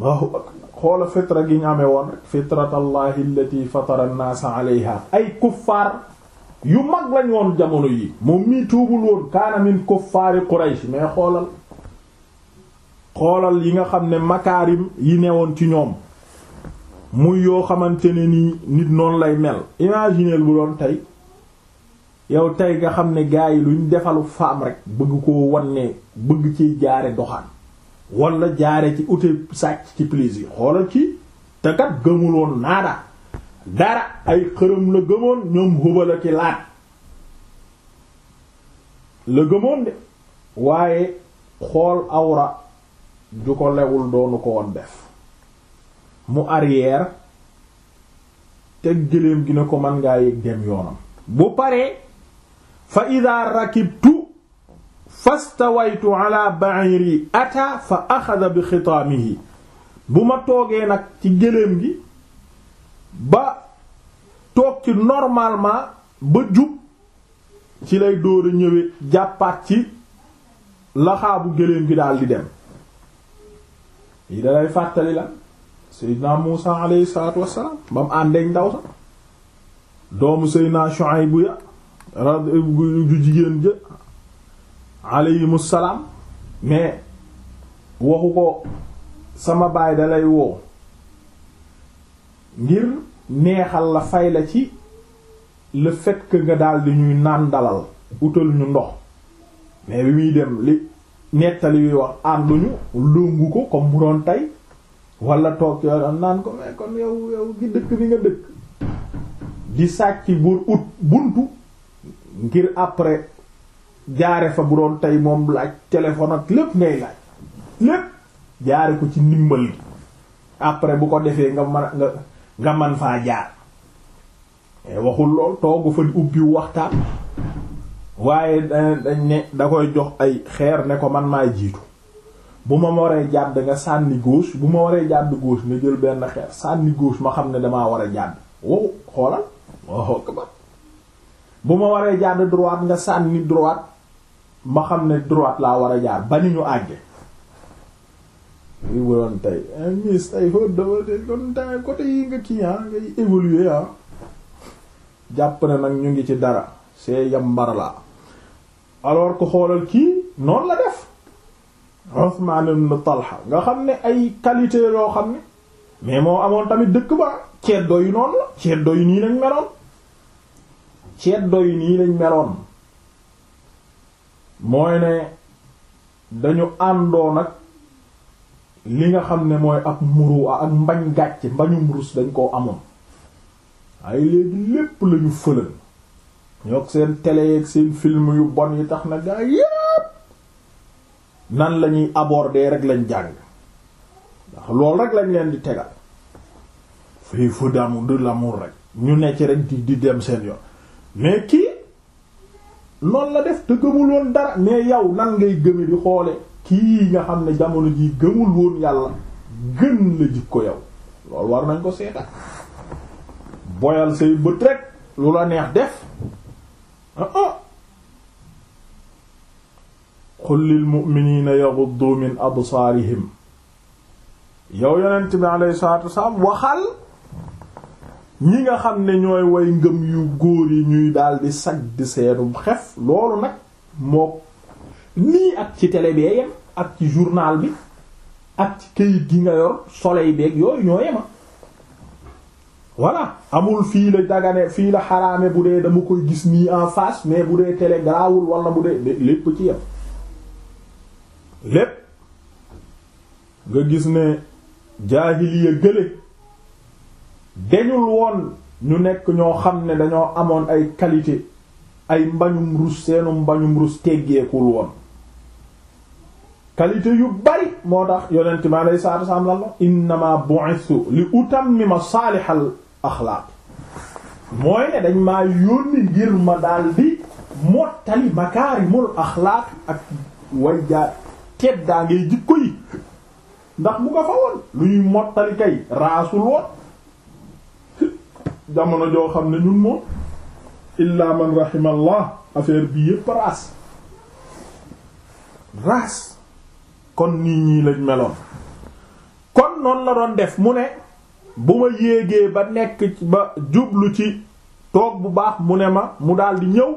[SPEAKER 1] Allahu akbar xoola fitra gi ñu amee woon rek fitratallahi allati ay kuffaar yu mag lañ woon jamono yi moom mii tuubul woon kaana min kuffaari Quraysh mais xoolal xoolal yi nga xam ne makaarim yi ne woon ci ñoom muy yoo xamante ne nii nit noonu lay mel imagineel bu doon tey yow tey nga xam ne gars yi luñ defalu faam rek bëgg koo wanne bëgg ciy jaare doxaan wala jaare ci ute sàcc ci plaisir xoolal ci te kat gëmuloon naada dara ay xërëm la gëmoon ñoom hubala ki laat la gëmoon de waaye xool awra ju ko lewul doonu ko woon def mu arrière te gëléem gi ne ko man ngaa yëg dem yoonam bu paree fa ida rakibtu fastawaytu ala ba'iri ata fa axada bi xitaamihi bu ma toogee nag ci gëléem gi ba toog ci normalement ba jub ci lay dóor a ñëwee jàppaat ci laxaabu géléem gi daal di dem yi dalay fàttali la Seydina Muusa alayhi salaatu wassalaam ba mu àndeek ndaw sax doomu Seydina Shuayb bu ya rad ju jigéen jë alayhimu salaam mais waxu ko sama baay dalay woo ngir neexal la fay la ci le fait nga daldi ñuy naan dalal utal ñu ndox mais bi muy dem li nettali yuy wax ànduñu lungu ko comme bu doon tey wala toog yoo naan ko mais kon yow yow gi dëkk bi nga dëkk di sàcc buur ut buntu ngir après jaare fa bu doon tey moom laaj téléphone ak lépp ngay laaj lépp jaare ko ci ndimbal gi après bu ko defee nga mën nga nga man faa jaar eh, waxul lool toogu fa ubbiwu waxtaan waaye dañ ne da koy jox ay xeer ne ko man maa jiitu bu ma waree jàdd nga sànni gauche bu ma waree jàdd gauche nga jël benn xeer sànni gauche ma xam ne damaa war a jàdd wow xoolal bu ma waree jàdd droite nga sànni droite ma xam ne droite laa war a jaar ba ni ñu àgge yu bu doon tey eh, miss tey foofu dafa de kon tey côté yi nga kii yaa ah, ngay évoluer yaa ah. jàpp na nag ñu ngi ci dara c'est yambar la alors que xoolal kii noonu la def nga xam ne ay qualité loo xam ne mais moo amoon tamit dëkk ba ceddo yu noonu la ceddo yu nii lañ meloon ceddo yu nii lañ meloon mooy ne dañu àndoon ak li nga xam ne mooy ak muru ak mbañ gàcce mbañum rus dañ koo amoon ay léegi lépp lañu fëlan ñoo seen télé ak seen film yu bon yi tax na gaa yépp nan lañuy aborder rek lañ jàng ndax loolu rek lañ leen di tegal fii fu damu la l'amour rek ñu ne ci rek di dem seen yoon mais kii noonu la def te gëmul woon dara mais yow nan ngay gëme di xoole kii nga xam ne jamono ji gëmul woon yàlla gën la jikko yow loolu war nañ ko seeta boyal say bët rek lu la neex def ah ah qul lil min absaarihim yow yonent bi alayhi salaatu wasalaam waxal ñi nga xam ne ñooy woy ngëm yu góor yi ñuy daldi sag di seenum xef loolu nag moo nii ak ci télé bi yem ak ci journal bi ak ci këyit gi nga yor soleil beeg yooyu ñoo yema voilà amul fii la dagane fii la xaraame bu dee dama koy gis nii en face mais bu dee tele garaawul wala bu dee lépp ci yem lépp nga gis ne jaahiliya gële dañul woon ñu nekk ñoo xam ne dañoo amoon ay qualité ay mbañum rus seenu mbañum rus teggeekul woon qualité yu bari moo tax yonent mi alayhi salaatu wassalaam lan la innama bu'ithu li utammima saalihal axlaaq mooy ne dañ maa yónni ngir ma daal di mottali makaarimul axlaaq ak wajja teddaa ngay jikko yi ndax bu nga fa woon lu mottali kay raasul woon jamono joo xam ne ñun moom illaa man rahimallah affaire bi yépp raas raas kon nii ñii lañ meloon kon noonu la doon def mu ne bu ma yéegee ba nekk ba jublu ci toog bu baax mu ne ma mu daldi ñëw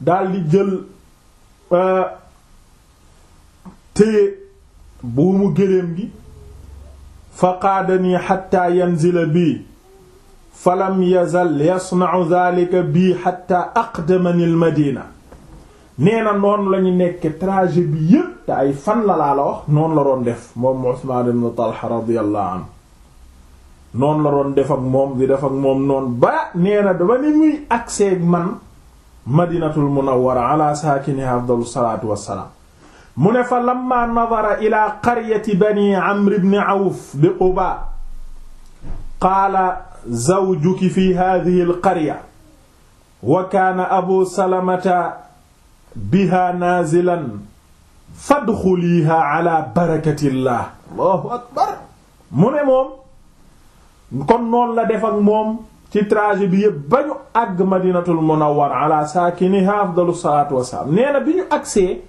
[SPEAKER 1] daldi jël euh, téye buumu géléem gi fa qaadanii xatta yanzila bii falam yazal yasna'u dhalika bii xatta aqdamani al madina nee na noonu la ñu nekk trajet bi yépp te ay fan la laa la wax noonu la doon def moom Usman ibn Talha radiyallahu anhu noonu la doon def ak moom di def ak moom noonu ba nee na dama ni muy agsee man madinatul munawwara ala saakiniha afdalu salaatu wassalaam mu ne fa lamma nadara ila qaryati bani amr ibn awf bi quba qaala zawjuki fi hadhihi al qarya wa kaana abu salamata biha nazilan fadxuliha ala barakatillah allahu akbar mu ne moom kon noonu la def ak moom ci trajet bi yëpp ba ñu àgg madinatul munawwara ala saakiniha afdalu salaatu wassalaam nee na bi ñu agsee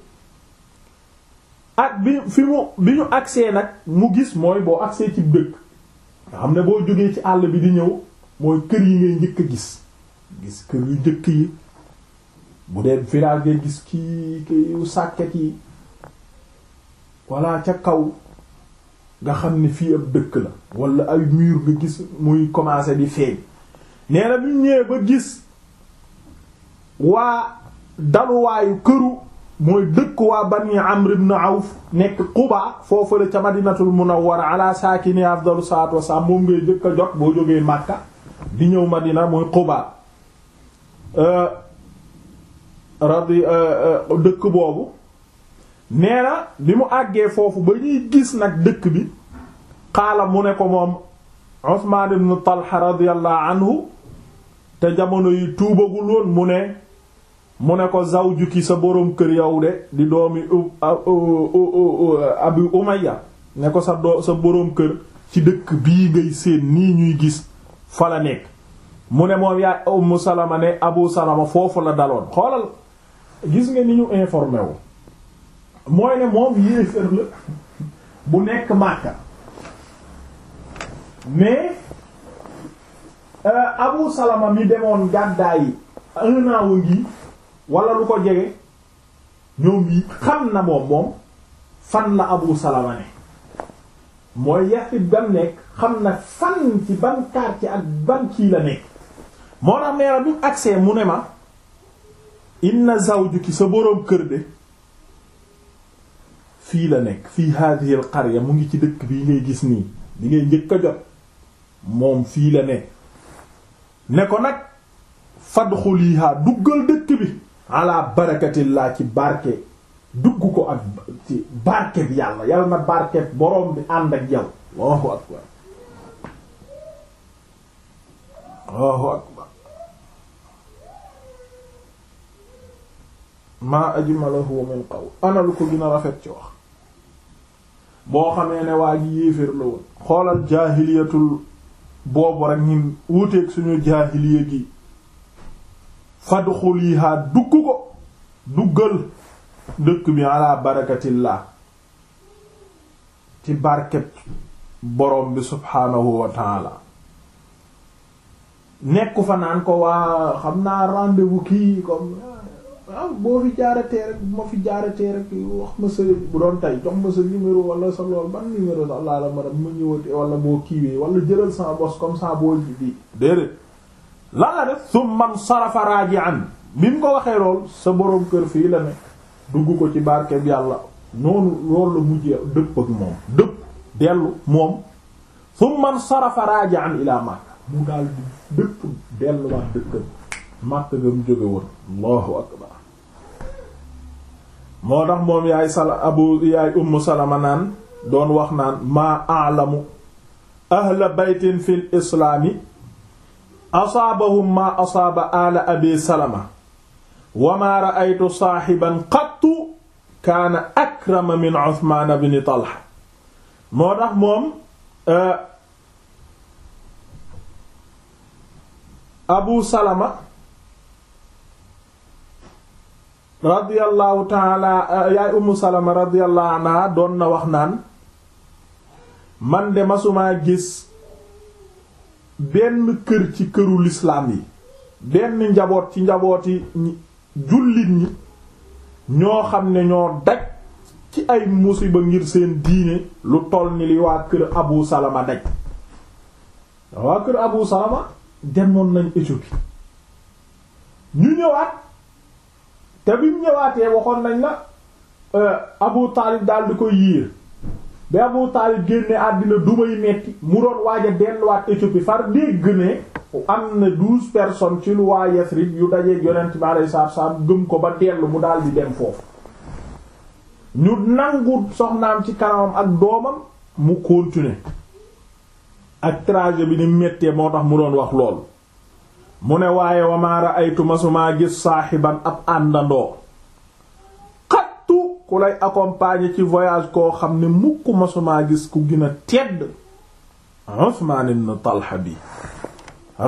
[SPEAKER 1] ak bi fi mu bi ñu agsee nag mu gis mooy boo agsee ci dëkk nga xam ne boo jógee ci àll bi di ñëw mooy kër yi ngay njëkk a gis gis kër yu njëkk yi bu dee village ngay gis kii kii sàkket yi walla ca kaw nga xam ni fii ab dëkk la walla ay mur nga gis muy commencer di feeñ nee bi ñëwee ba gis waa daluwaayu këru mooy dëkk waa bani Amr ibn Awf nekk Quba foofu la ca Madinatul Munawwara ala saakini afdalu salaatu wassalaam moom ngay jëkk a jot boo jógee Makka di ñëw Madina mooy Quba euh, radi euh, euh, dëkk boobu nee na bi mu àggee foofu ba ñuy gis nag dëkk bi xaala mu ne ko moom Usmaan ibn Talha radiyallahu anhu te jamono yi tuubagu woon mu ne mu ne ko zawjuki sa boroom kër yow de di doomi Abi Umayya ne ko sa boroom kër ci dëkk bii ngay séen nii ñuy gis fa la nekk mu ne moom yaay Ummu Salama ne Abu Salama foofu la daloon xoolal gis nga ni ñu informé wu mooy ne moom yéefër la bu nekk Makka mais euh, Abu Salama mi demoon gàddaay un an ngi wala lu ko jege ñoom yi xam na moom moom fan la Abu Salama ne mooy yaxit bam nekk xam na fan ci ban quartier ak ban la nekk moo tax meera bi agsee mu ne ma inna zawjuki sa boroom kër de fii la nekk fii hadhihi al mu ngi ci dëkk bii ngay gis nii di ngay njëkk a jot moom fii la ne ne ko nag fadxuliha duggal dëkk bi ala barakatillah ci barke dugg ko ak barke bi yàlla yàlla na barke boroom bi ànd ak yow allahu akbar allahu akbar maa ajmalahu min qawl ana lu ko gën a rafet ci wax boo xamee ne waa ji yéeféer xoolal jaahiliyatul boobu rek ñun wuuteeg suñu jaahiliya gi fadxuliha dugg ko duggal dëkk bi ala barakatillah ci barket borom bi subhaanahu wa taala nekku fa ko waa xam naa rendez-vous kii comme waaw boo fi jaaratee rek bu ma fi jaaratee rek wax ma sa bu doon tey jox ma sa numéro wala sa lool ba numéro sax laa la ma def ma ñëwati wala boo kiiwee wala jëlal sa bos comme ça boo ji di déedéet lan la def summan sarafa raaji'an bi mu ko waxee lool sa borom kër fii la nekk dugg ko ci barkeb yàlla noonu loolu la mujjee dëpp ak moom dëpp dellu moom summan sarafa raaji'an ilaa Makka mu daal di dëpp delluwaat dëkkam Makka nga mu jóge woon moo tax moom yaay sala abu yaay umm salama naan doon wax naan maa aalamu ahla baytin fil islaami asaabahum maa asaaba ala abi salama wa maa ra'aytu saaxiban qattu kaana akrama min Usmaan ibn Talha moo tax moom eh, Abu Salama radiyallahu taala euh, yaay ummu salama radiyallahu anha doon na wax naan man de masumaa gis benn kër ci këru lislaam yi benn njaboot ci njabooti jullit ñi ñoo xam ne ñoo daj ci ay musiba ngir seen diine lu toll ni li waa kër abu salama daj waa kër abu salama demoon nañ Éthiopie ñu ñëwaat te bi ñëwaatee waxoon nañ la euh, Abu Taalib daal di koy yiir bi Abu Taalib génne àddina dumay metti mu doon waaj a delluwaat Éthiopie far dégg ne am na douze personnes ci lu waa Yasrib yu dajeeg yonent bi alayhi salaatu gëm ko ba dellu mu daal di dem foofu ñu nangu soxnaam ci kanamam ak doomam mu continuer ak trajet bi ni mettee moo tax mu doon wax lool mu ne waaye wamaara ay tumasumaa gis saaxiban ab àndandoo xattu ku lay accompagner ci voyage koo xam ne mukk masumaa gis ku gën a tedd Usmaan ibn bi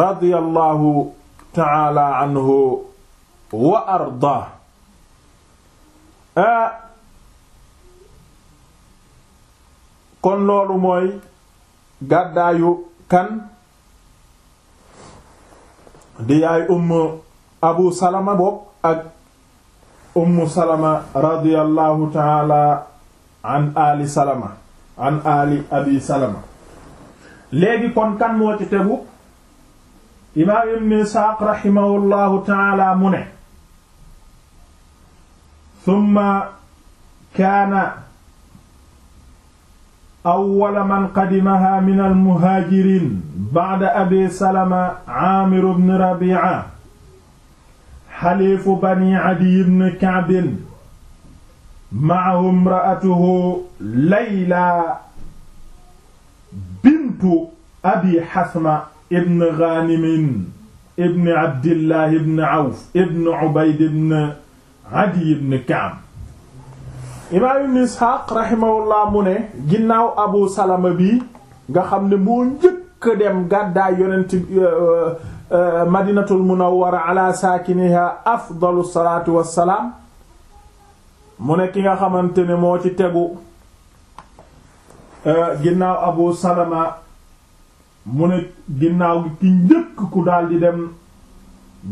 [SPEAKER 1] radiyallahu taala anhu wa arda ah, kon loolu mooy gàddaayu kan di yaay umm abu salama bopp ak umm salama radiyallahu taala an ali salama an ali abi salama léegi kon kan moo ci tegu imaam ibn isxaaq rahimahullahu taala mu ne summa kaana awwala man qadimaha min almuhaajiriin ba'da abi salama aamir ibn rabi'a xaliifu bani adiy ibn ka'bin ma'ahu imra'atuhu layla bintu abi xasma ibn ghaanim ibn abdillah ibn awf ibn ubayd ibn adiy ibn ka'b imaam ibn Isxaaq rahimahullah mu ne ginnaaw Abu Salama bi nga xam ne moo njëkk dem gàddaay yonent euh, euh, Madinatul Munawwara ala saakiniha afdalu salaatu wassalaam mu ne ki nga xamante ne moo ci tegu euh, ginnaaw Abu Salama mu ne ginnaaw ki njëkk ku daldi dem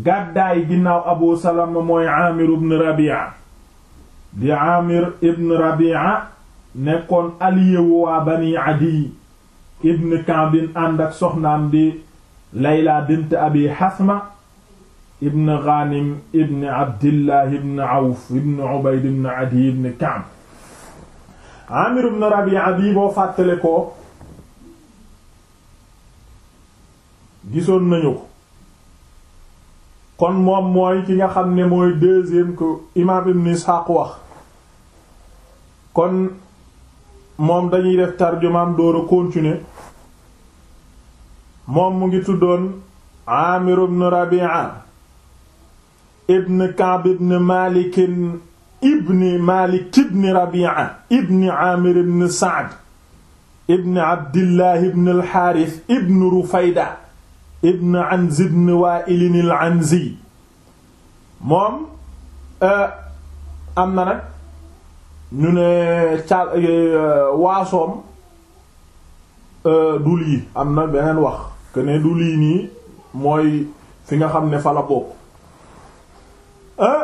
[SPEAKER 1] gàddaay ginnaaw Abu Salama mooy Aamir ibn Rabi'a di amir ibn rabia nekkoon aliyewu waa bani adiy ibn kambin ànd ak soxnaam di layla bint abi hasma ibn ghanim ibn abdillah ibn awf ibn ubayd ibn adiy ibn kamb amir ibn rabia bii boo fàttale ko gisoon nañu kon moom mooy ki nga xam ne mooy deuxième que imaam ibn ishaq wax kon moom dañuy def tarjumaam door continuer moom mu ngi tuddoon Aamir ibn Rabi'a ibn Ka'b ibn Malik ibn Malik ibn Rabi'a ibn Aamir ibn Sa'd ibn Abdillah ibn Rufayda ibn Anz ibn Wa'il al-Anzi moom euh, am na nag ñu ne ca euh, waasoom euh, du lii am na beneen wax que ne du lii nii mooy fi nga xam ne fa la bokk euh,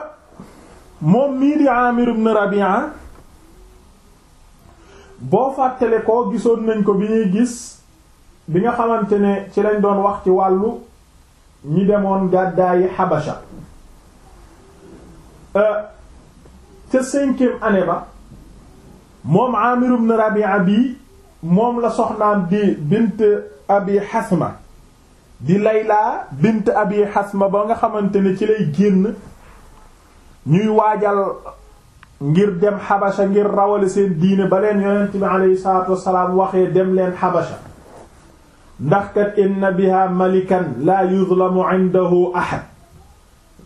[SPEAKER 1] moom mii di Amir ibn Rabi'a boo fàttale ko gisoon nañ ko bi ñuy gis bi nga xamante ne ci lañ doon wax ci wàllu ñi demoon gàddaayi Habasha ca cinquième année ba moom Amir ibn Rabi'a bi moom la soxnaam di bint Abi Hasma di Layla bint Abi xasma ba nga xamante ni ci lay génn ñuy waajal ngir dem xabasa ngir rawale seen diine ba leen yonent bi salaatu wassalaam waxee dem leen Xabasha ndax kat inna biha malikan la yuzlamu indahu ahad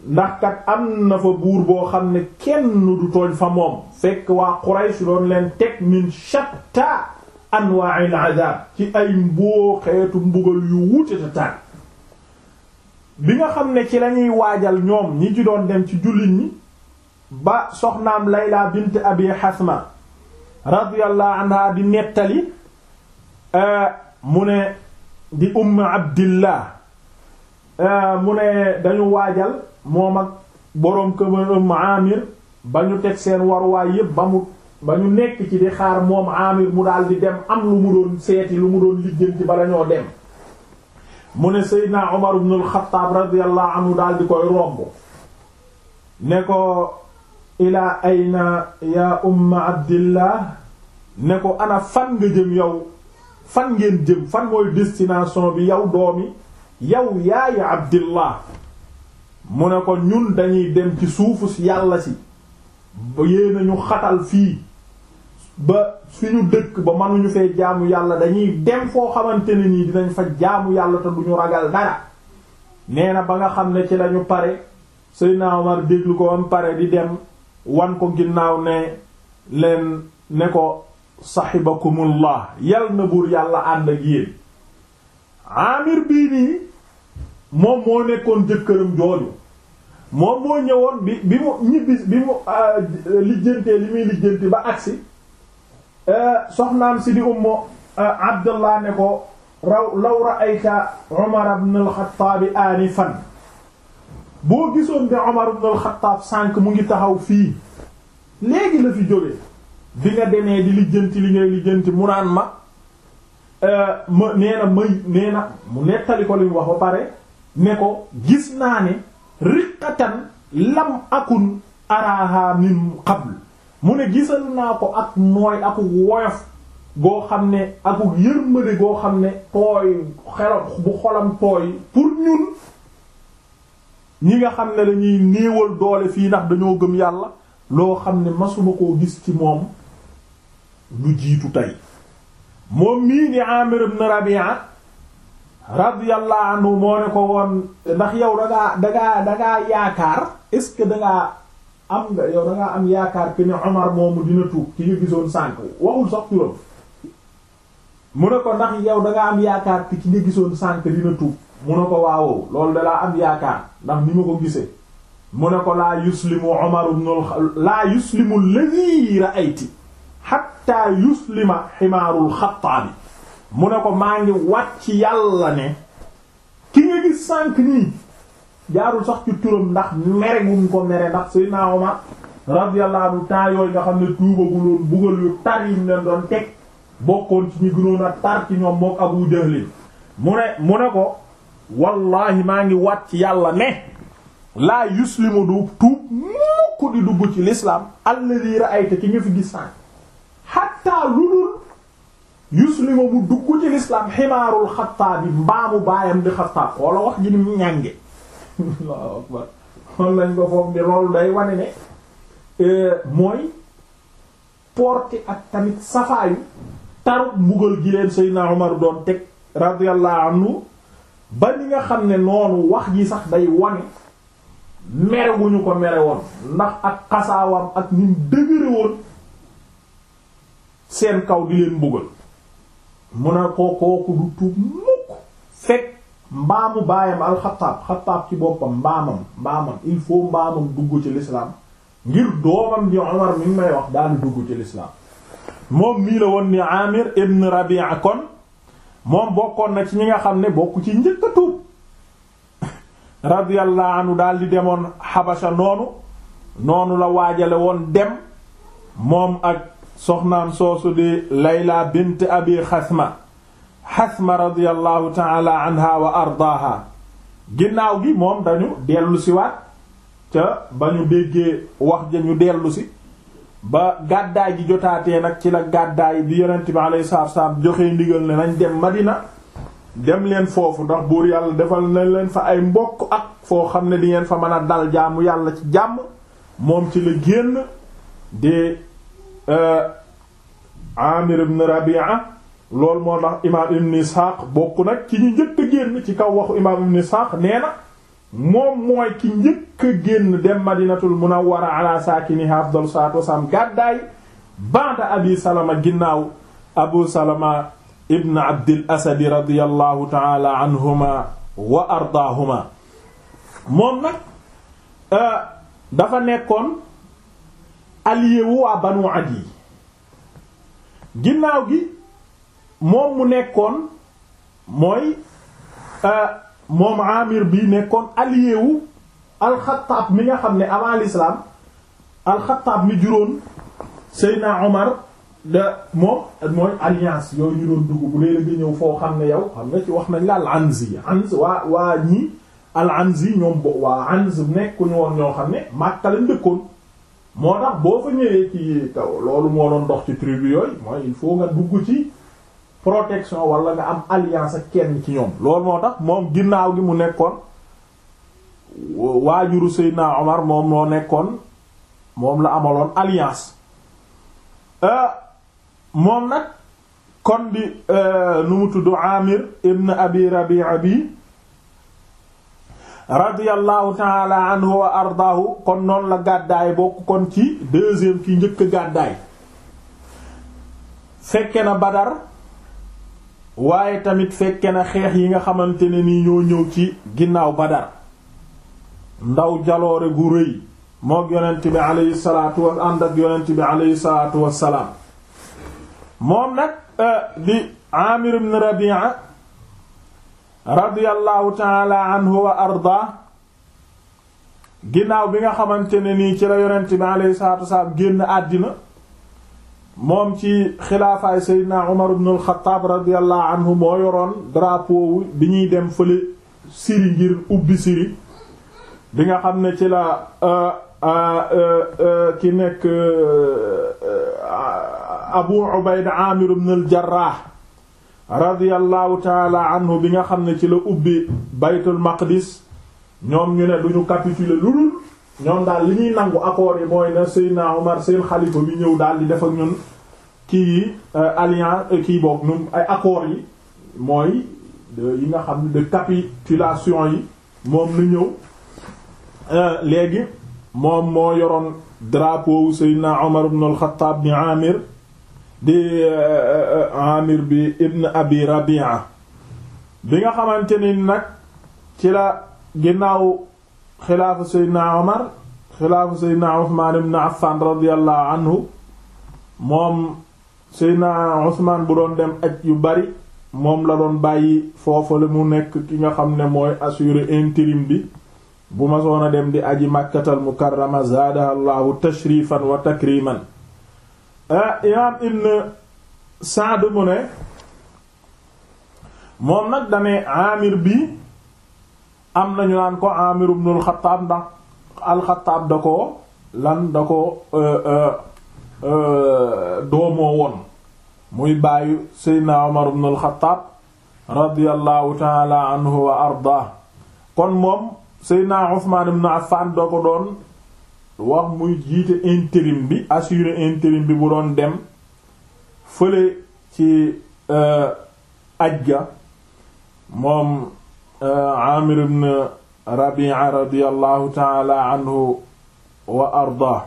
[SPEAKER 1] ndax kat am na fa buur boo xam ne kenn du tooñ fa moom fekk waa Quraysh doon leen teg min shatta anwa'il azab ci ay mboo xeetu yu wuute bi nga xam ne ci lañuy waajal ñoom ñi ci doon dem ci jullit ñi ba soxnaam Layla bint Abi Hasma radiyallahu anha di nettali euh, mu ne di Umm Abdillah Euh, mu ne dañu waajal moom ak boroom këmam amir ba ñu teg seen waruwaay yépp ba mu ba ñu nekk ci di xaar moom amir mu daal di dem am lu mu doon seeti lu mu doon lijjanti bala ñoo dem mu ne Seydina Omar ibn al-Khattab radiyallahu anhu daal di koy romb ne ko ilaa ayna ya umma abdillah ne ko ana fan nga jëm yow fan ngeen jëm fan mooy destination bi yow yi yow yaayi abdillah mu ne ko ñun dañuy dem ci suufu si yàlla ci ba yéena ñu xatal fii ba fi ñu dëkk ba mënuñu fee jaamu yàlla dañuy dem foo xamante ni nii dinañ fa jaamu yàlla te duñu ragal dara nee na ba nga xam ne ci lañu pare Seydina Omar déglu ko am pare di dem wan ko ginnaaw ne leen ne ko saxibakumullah yal na buur yàlla ànd ak yéen amir bii nii moom moo nekkoon jëkkëram jooju moom moo ñëwoon bi bi mu ñibbis bi mu ah, lijjantee li muy lijjanti ba agsi eh, soxnaam si di ummu eh, abdullah ne ko raw law ra'ayta umar ibn al-khattab anifan boo gisoon ne umar ibn al-khattab mu ngi taxaw fii léegi la fi jóge bi nga demee di lijjanti li ngay lijjanti mu naan ma Euh, ma nee na may nee na mu nettali ko li wax ba pare ne ko gis naa ne riqatan lam akun araha min mu ne gisal naa ko ak nooy aku woyof goo xam ne aku yërmande goo xam ne tooy bu xolam tooy pour ñun ñi nga xam ne lañuy néewal doole fii ndax dañoo gëm yàlla loo xam ne masuma koo gis ci moom lu jiitu tey moom mii di Amir ibn Rabi'a radiyallahu anhu moo ne ko woon ndax yow dangaa dangaa dangaa yaakaar est ce que dangaa am nga yow dangaa am yaakaar que ni Omar moomu dina tuub ki ñu gisoon sànq waxul sax turam mu ne ko ndax yow dangaa am yaakaar ki nga gisoon sànq dina tuub mu ne ko waawoo loolu dalaa am yaakaar ndax ni ma ko gisee mu ne ko laa yuslimu Omar ibn laa yuslimu alladhi ra'ayti xatta yuslima ximaarul xataabi mu ne ko maa ngi wàcc yàlla ne ki nga gis sànq nii jaarul sax ci turam ndax mere gum ko mere ndax Seydina Omar radiyallahu anhu temps yooyu nga xam ne tuubaguloon bugal yu tar yi ci mu ne mu ne ko wallahi maa ngi wàcc yàlla ne laa yuslimu du tuub mukk di dugg ci l'islam alladhi ra'ayta ki nga fi gis sànq xattaa lulul yuslima mu dugg ci lislaam ximaarul xattaabi mbaamu baayam di xattaab walla wax ji ni ñànge <laughs> Allahu akbar loolu lañ ne e, mooy porte ak tamit safaayu tarut mbugal gi leen Seydina Omar doon teg radiyallahu anhu ba ni nga xam ne noonu wax ji sax day wane mere wu ñu ko mere woon ndax ak xasaawam ak ni dëgëre woon seen kaw di leen mbugal mu ne ko kooku du tuub mukk fekk mbaamu baayam alxataab xataab ci boppam mbaamam mbaamam il faut mbaamam dugg ci l'islam ngir doomam di Umar mi ngi may wax daal dugg ci l'islam moom mii la woon ni Amir ibn Rabi'a moom bokkoon na ci ñi nga xam ne bokk ci njëkk a tuub <laughs> radiyallahu anhu daal di demoon Habasha noonu noonu la waajale woon dem moom ak soxnaam soosu di Layla bint abi xasma xasma radiyallahu taala anha wa ardaaha ginnaaw gi moom dañu dellusi si ca ba ñu déggee wax ja ñu dellu si ba gàddaay ji jotaatee nag ci la gàddaay bi yonent bi alayhi salaatu wassalaam joxe ndigal ne nañ dem Madina dem leen foofu ndax buur yàlla defal na leen fa ay mbokk ak foo xam ne di ngeen fa mën a dal jaamu yàlla ci jàmm moom ci la génn de Euh, Amir ibn Rabi'a loolu moo tax imaam ibn Ishaq bokk nag ci ñu njëkk a génn ci kaw waxu imaam ibn Ishaq nee na moom mooy ki njëkk a génn dem Madinatul Munawwara ala saakinihaa afdalu salaatu wassalaam gàddaay ba'da Abi Salama ginnaaw Abu Salama ibn Abdil Asad radiyallahu ta'ala anhuma wa ardaahuma moom nag euh, dafa nekkoon. allié wu waa banu adi ginnaaw gi moom mu nekkoon mooy euh, moom amir bi nekkoon allié wu alxataab mi nga xam ne avant l'islam alxataab mi juróon Seydina Omar da moom mooy alliance yooyu ñu doon dugg bu léeg-léeg ñëw foo xam ne yow xam nga ci wax nañ la al anzi anz waa waa ñii al ñoom bo waa anz nekkuñu ñoo xam ne Makka lañ dëkkoon moo tax boo fa ñëwee ci taw loolu moo doon dox ci tribu yooyu mooy il faut nga dugg ci protection wala nga am alliance ak kenn ci ñoom lool moo tax moom ginnaaw gi mu nekkoon waajuru Seydina Omar moom moo nekkoon moom la amaloon alliance euh, moom nag kon di euh, nu mu tudd Amir ibn Abi Rabi'a bi radiyallahu taala anhu wa ardaahu kon noonu la gàddaay bokk kon ci deuxième ki njëkk gàddaay fekke na badar waaye tamit fekke na xeex yi nga xamante ne nii ñoo ñëw ci ginnaaw badar ndaw jaloore gu rëy mook yonent bi alayhi salaatu wa ànd ak yonent bi alayhi salaatu wassalaam moom nag euh, di Amir ibn Rabi'a radiyallahu taala wa arda ginnaaw bi nga xamante ne nii ci la yonent bi alayhi salaatu wasalaam génn àddina moom ci xilaafaay seydina umar ibn al radiyallahu moo yoroon drapeau bi ñuy dem fële Syrie ngir ubbi Syrie bi nga xam ne ci la euh, euh, euh, ki nekk Abu Ubayda Amir ibn al radiyallahu taala anhu bi nga xam ne ci la ubbi baytul maqdis ñoom ñu ne duñu capituler lu dul ñoom daal li ñuy nangu accords yi mooy na Seydina Omar seen xalifa bi ñëw daal di defak ñun kii euh, alliance euh, kii boog ñun ay accords yi mooy yi nga xam ne de capitulation yi moom lu ñëw euh, léegi moom moo yoroon drapeau Seydina Omar ibn al-Khattab bi Amir di eh, eh, amir bi ibn abi rabia bi nga xamante ni nag ci la ginnaaw xilaafu seydna omar xilaafu seydna uthman ibn affan radiallahu anhu moom seydna uthman bu doon dem aj yu bari moom la doon bàyyi foofale mu nekk ki nga xam ne mooy assurer intérim bi bu ma soon a dem di aji màkkatal mukarrama zaadaha allahu tashrifan wa takriman Ah, imaam ibn Saad mu ne moom nag dane amir bi am nañu naan ko amir ibn al ndax al-Xattaab da ko lan da ko euh, euh, euh, doomoo woon muy bàyyu Seydina Umar ibn al-Xattaab radiyallahu taala wa ardaa kon moom Seydina Usmaan ibn Affaan da ko doon wax muy jiite intérim bi assurer intérim bi bu doon dem fële ci euh, aj ga moom euh, Amir ibn Rabi'a radiyallahu ta'ala anhu wa arda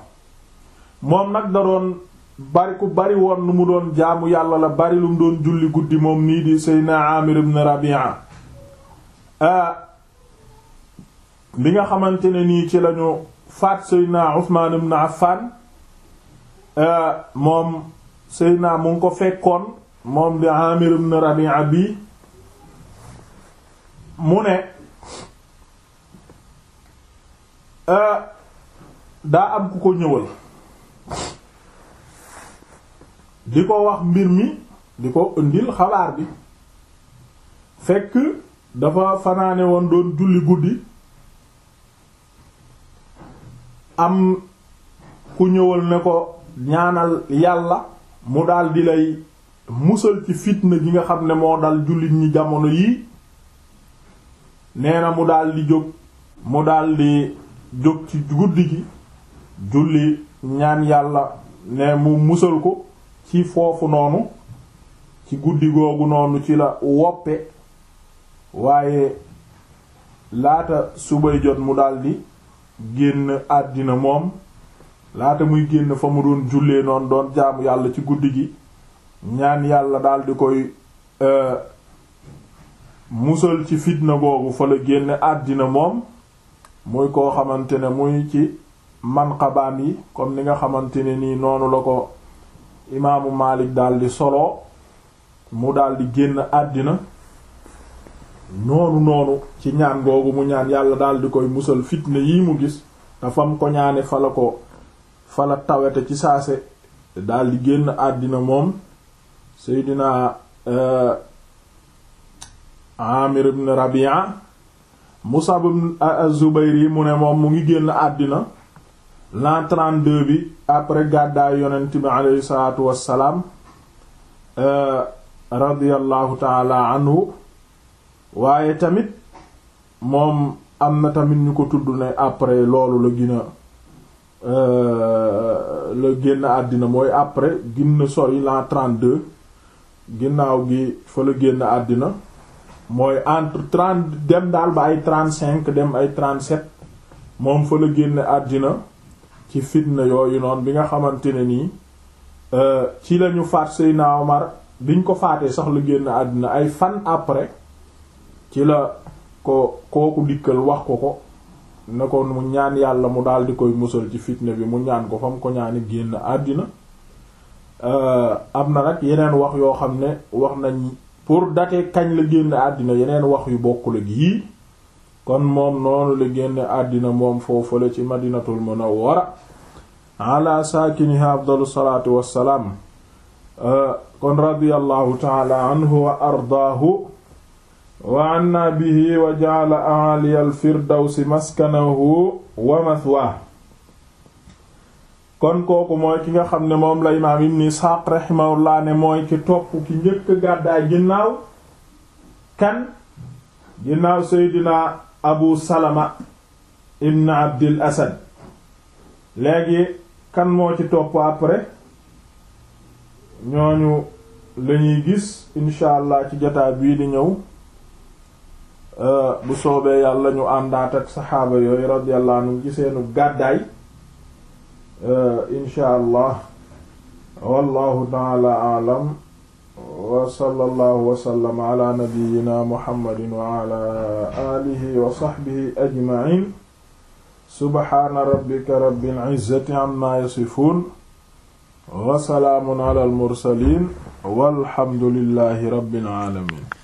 [SPEAKER 1] moom nag da doon bari ku bari woon nu mu doon jaamu yàlla la bari lu mu doon julli guddi moom nii di Seydina Amir ibn Rabi'a euh, bi nga xamante ne nii ci lañu faat Seydina Usmaan ibn euh, mu ko fekkoon moom di Amir ibn Rabi'a bi mu ne euh, daa am ku ko ñëwal di ko wax mbir mi di ko indil xabaar bi fekk dafa fanaane woon doon julli guddi am ku ñëwal ne ko ñaanal yàlla mu daldi lay musal ci fitna ji nga xam ne moo dal jullit ñi jamono yii nee mu daal di jóg mu daldi jóg ci guddi gi julli ñaan yàlla ne mu musal ko ci foofu noonu ci guddi googu noonu ci la woppe waaye laata subay jot mu daldi génn àddina moom laata muy génn fa mu doon jullee noon doon jaamu yàlla ci guddi gi ñaan yàlla di koy euh, musal ci fitna googu fa la génn àddina moom muy koo xamante ne muy ci manqabaam yi comme ni nga xamante ne nii noonu la ko imaamu Maalik daldi solo mu daldi génn àddina noonu noonu ci ñaan googu mu ñaan yàlla daal di koy musal fitna yi mu gis dafam ko ñaane fala ko fala tawete ci saase daal di génn àddina moom seydina euh, amir ibn rabia musab ibn euh, zubayr yi mu ne moom mu ngi génn àddina l'an 32 bi après gàddaay yonent bi aleyhi salaatu wassalaam euh, radiyallahu taala anhu waaye tamit moom am na tamit ñu ko tudd ne après loolu la gina euh, la génn àddina mooy après ginn sori l'an 32 ginnaaw gi fa la génn àddina mooy entre 30 dem daal ba ay 35 dem ay 37 moom fa la génn àddina ci fitna yooyu noonu bi nga xamante ne nii euh, ci lañu faat Seydina Omar biñ ko faatee sax la génn àddina ay fan après ci la ko kooku dikkal wax ko ko ne ko mu ñaan yàlla mu daal di koy musal ci fitne bi mu ñaan ko fa mu ko ñaani génn àddina euh, am na nag yeneen wax yoo xam ne wax nañ pour date kañ la génn àddina yeneen wax yu bokkul ak yii kon moom noonu la génn àddina moom foofu la ci madinatul munawwara ala saakiniha afdalu salaatu wassalaam euh, kon radiyallahu taala anhu wa ardaahu wa anna bihi wa ja'ala a'aliya al-firdawsi maskanahu wa kon kooku mooy ki nga xam ne moom la imaam ibn Isxaaq rahimahullah ne mooy ki topp ki njëkk gàddaay ginnaaw kan ginnaaw seydina Abu Salama ibn Abdil Asad léegi kan moo ci topp après ñooñu lañuy gis incha ci jotaay bii di ñëw Euh, bu soobee yàlla ñu àndaat ak saxaaba yooyu radiyallahu anhum ci seenu gàddaay euh, insha allah wallahu taala alam wa sallallahu wa sallama ala nabiyyina muhammadin wa ala alihi wa sahbihi ajma'in subhana rabbika rabbil izzati amma yasifun wa salaamun ala al mursalin walhamdulillahi rabbil alamin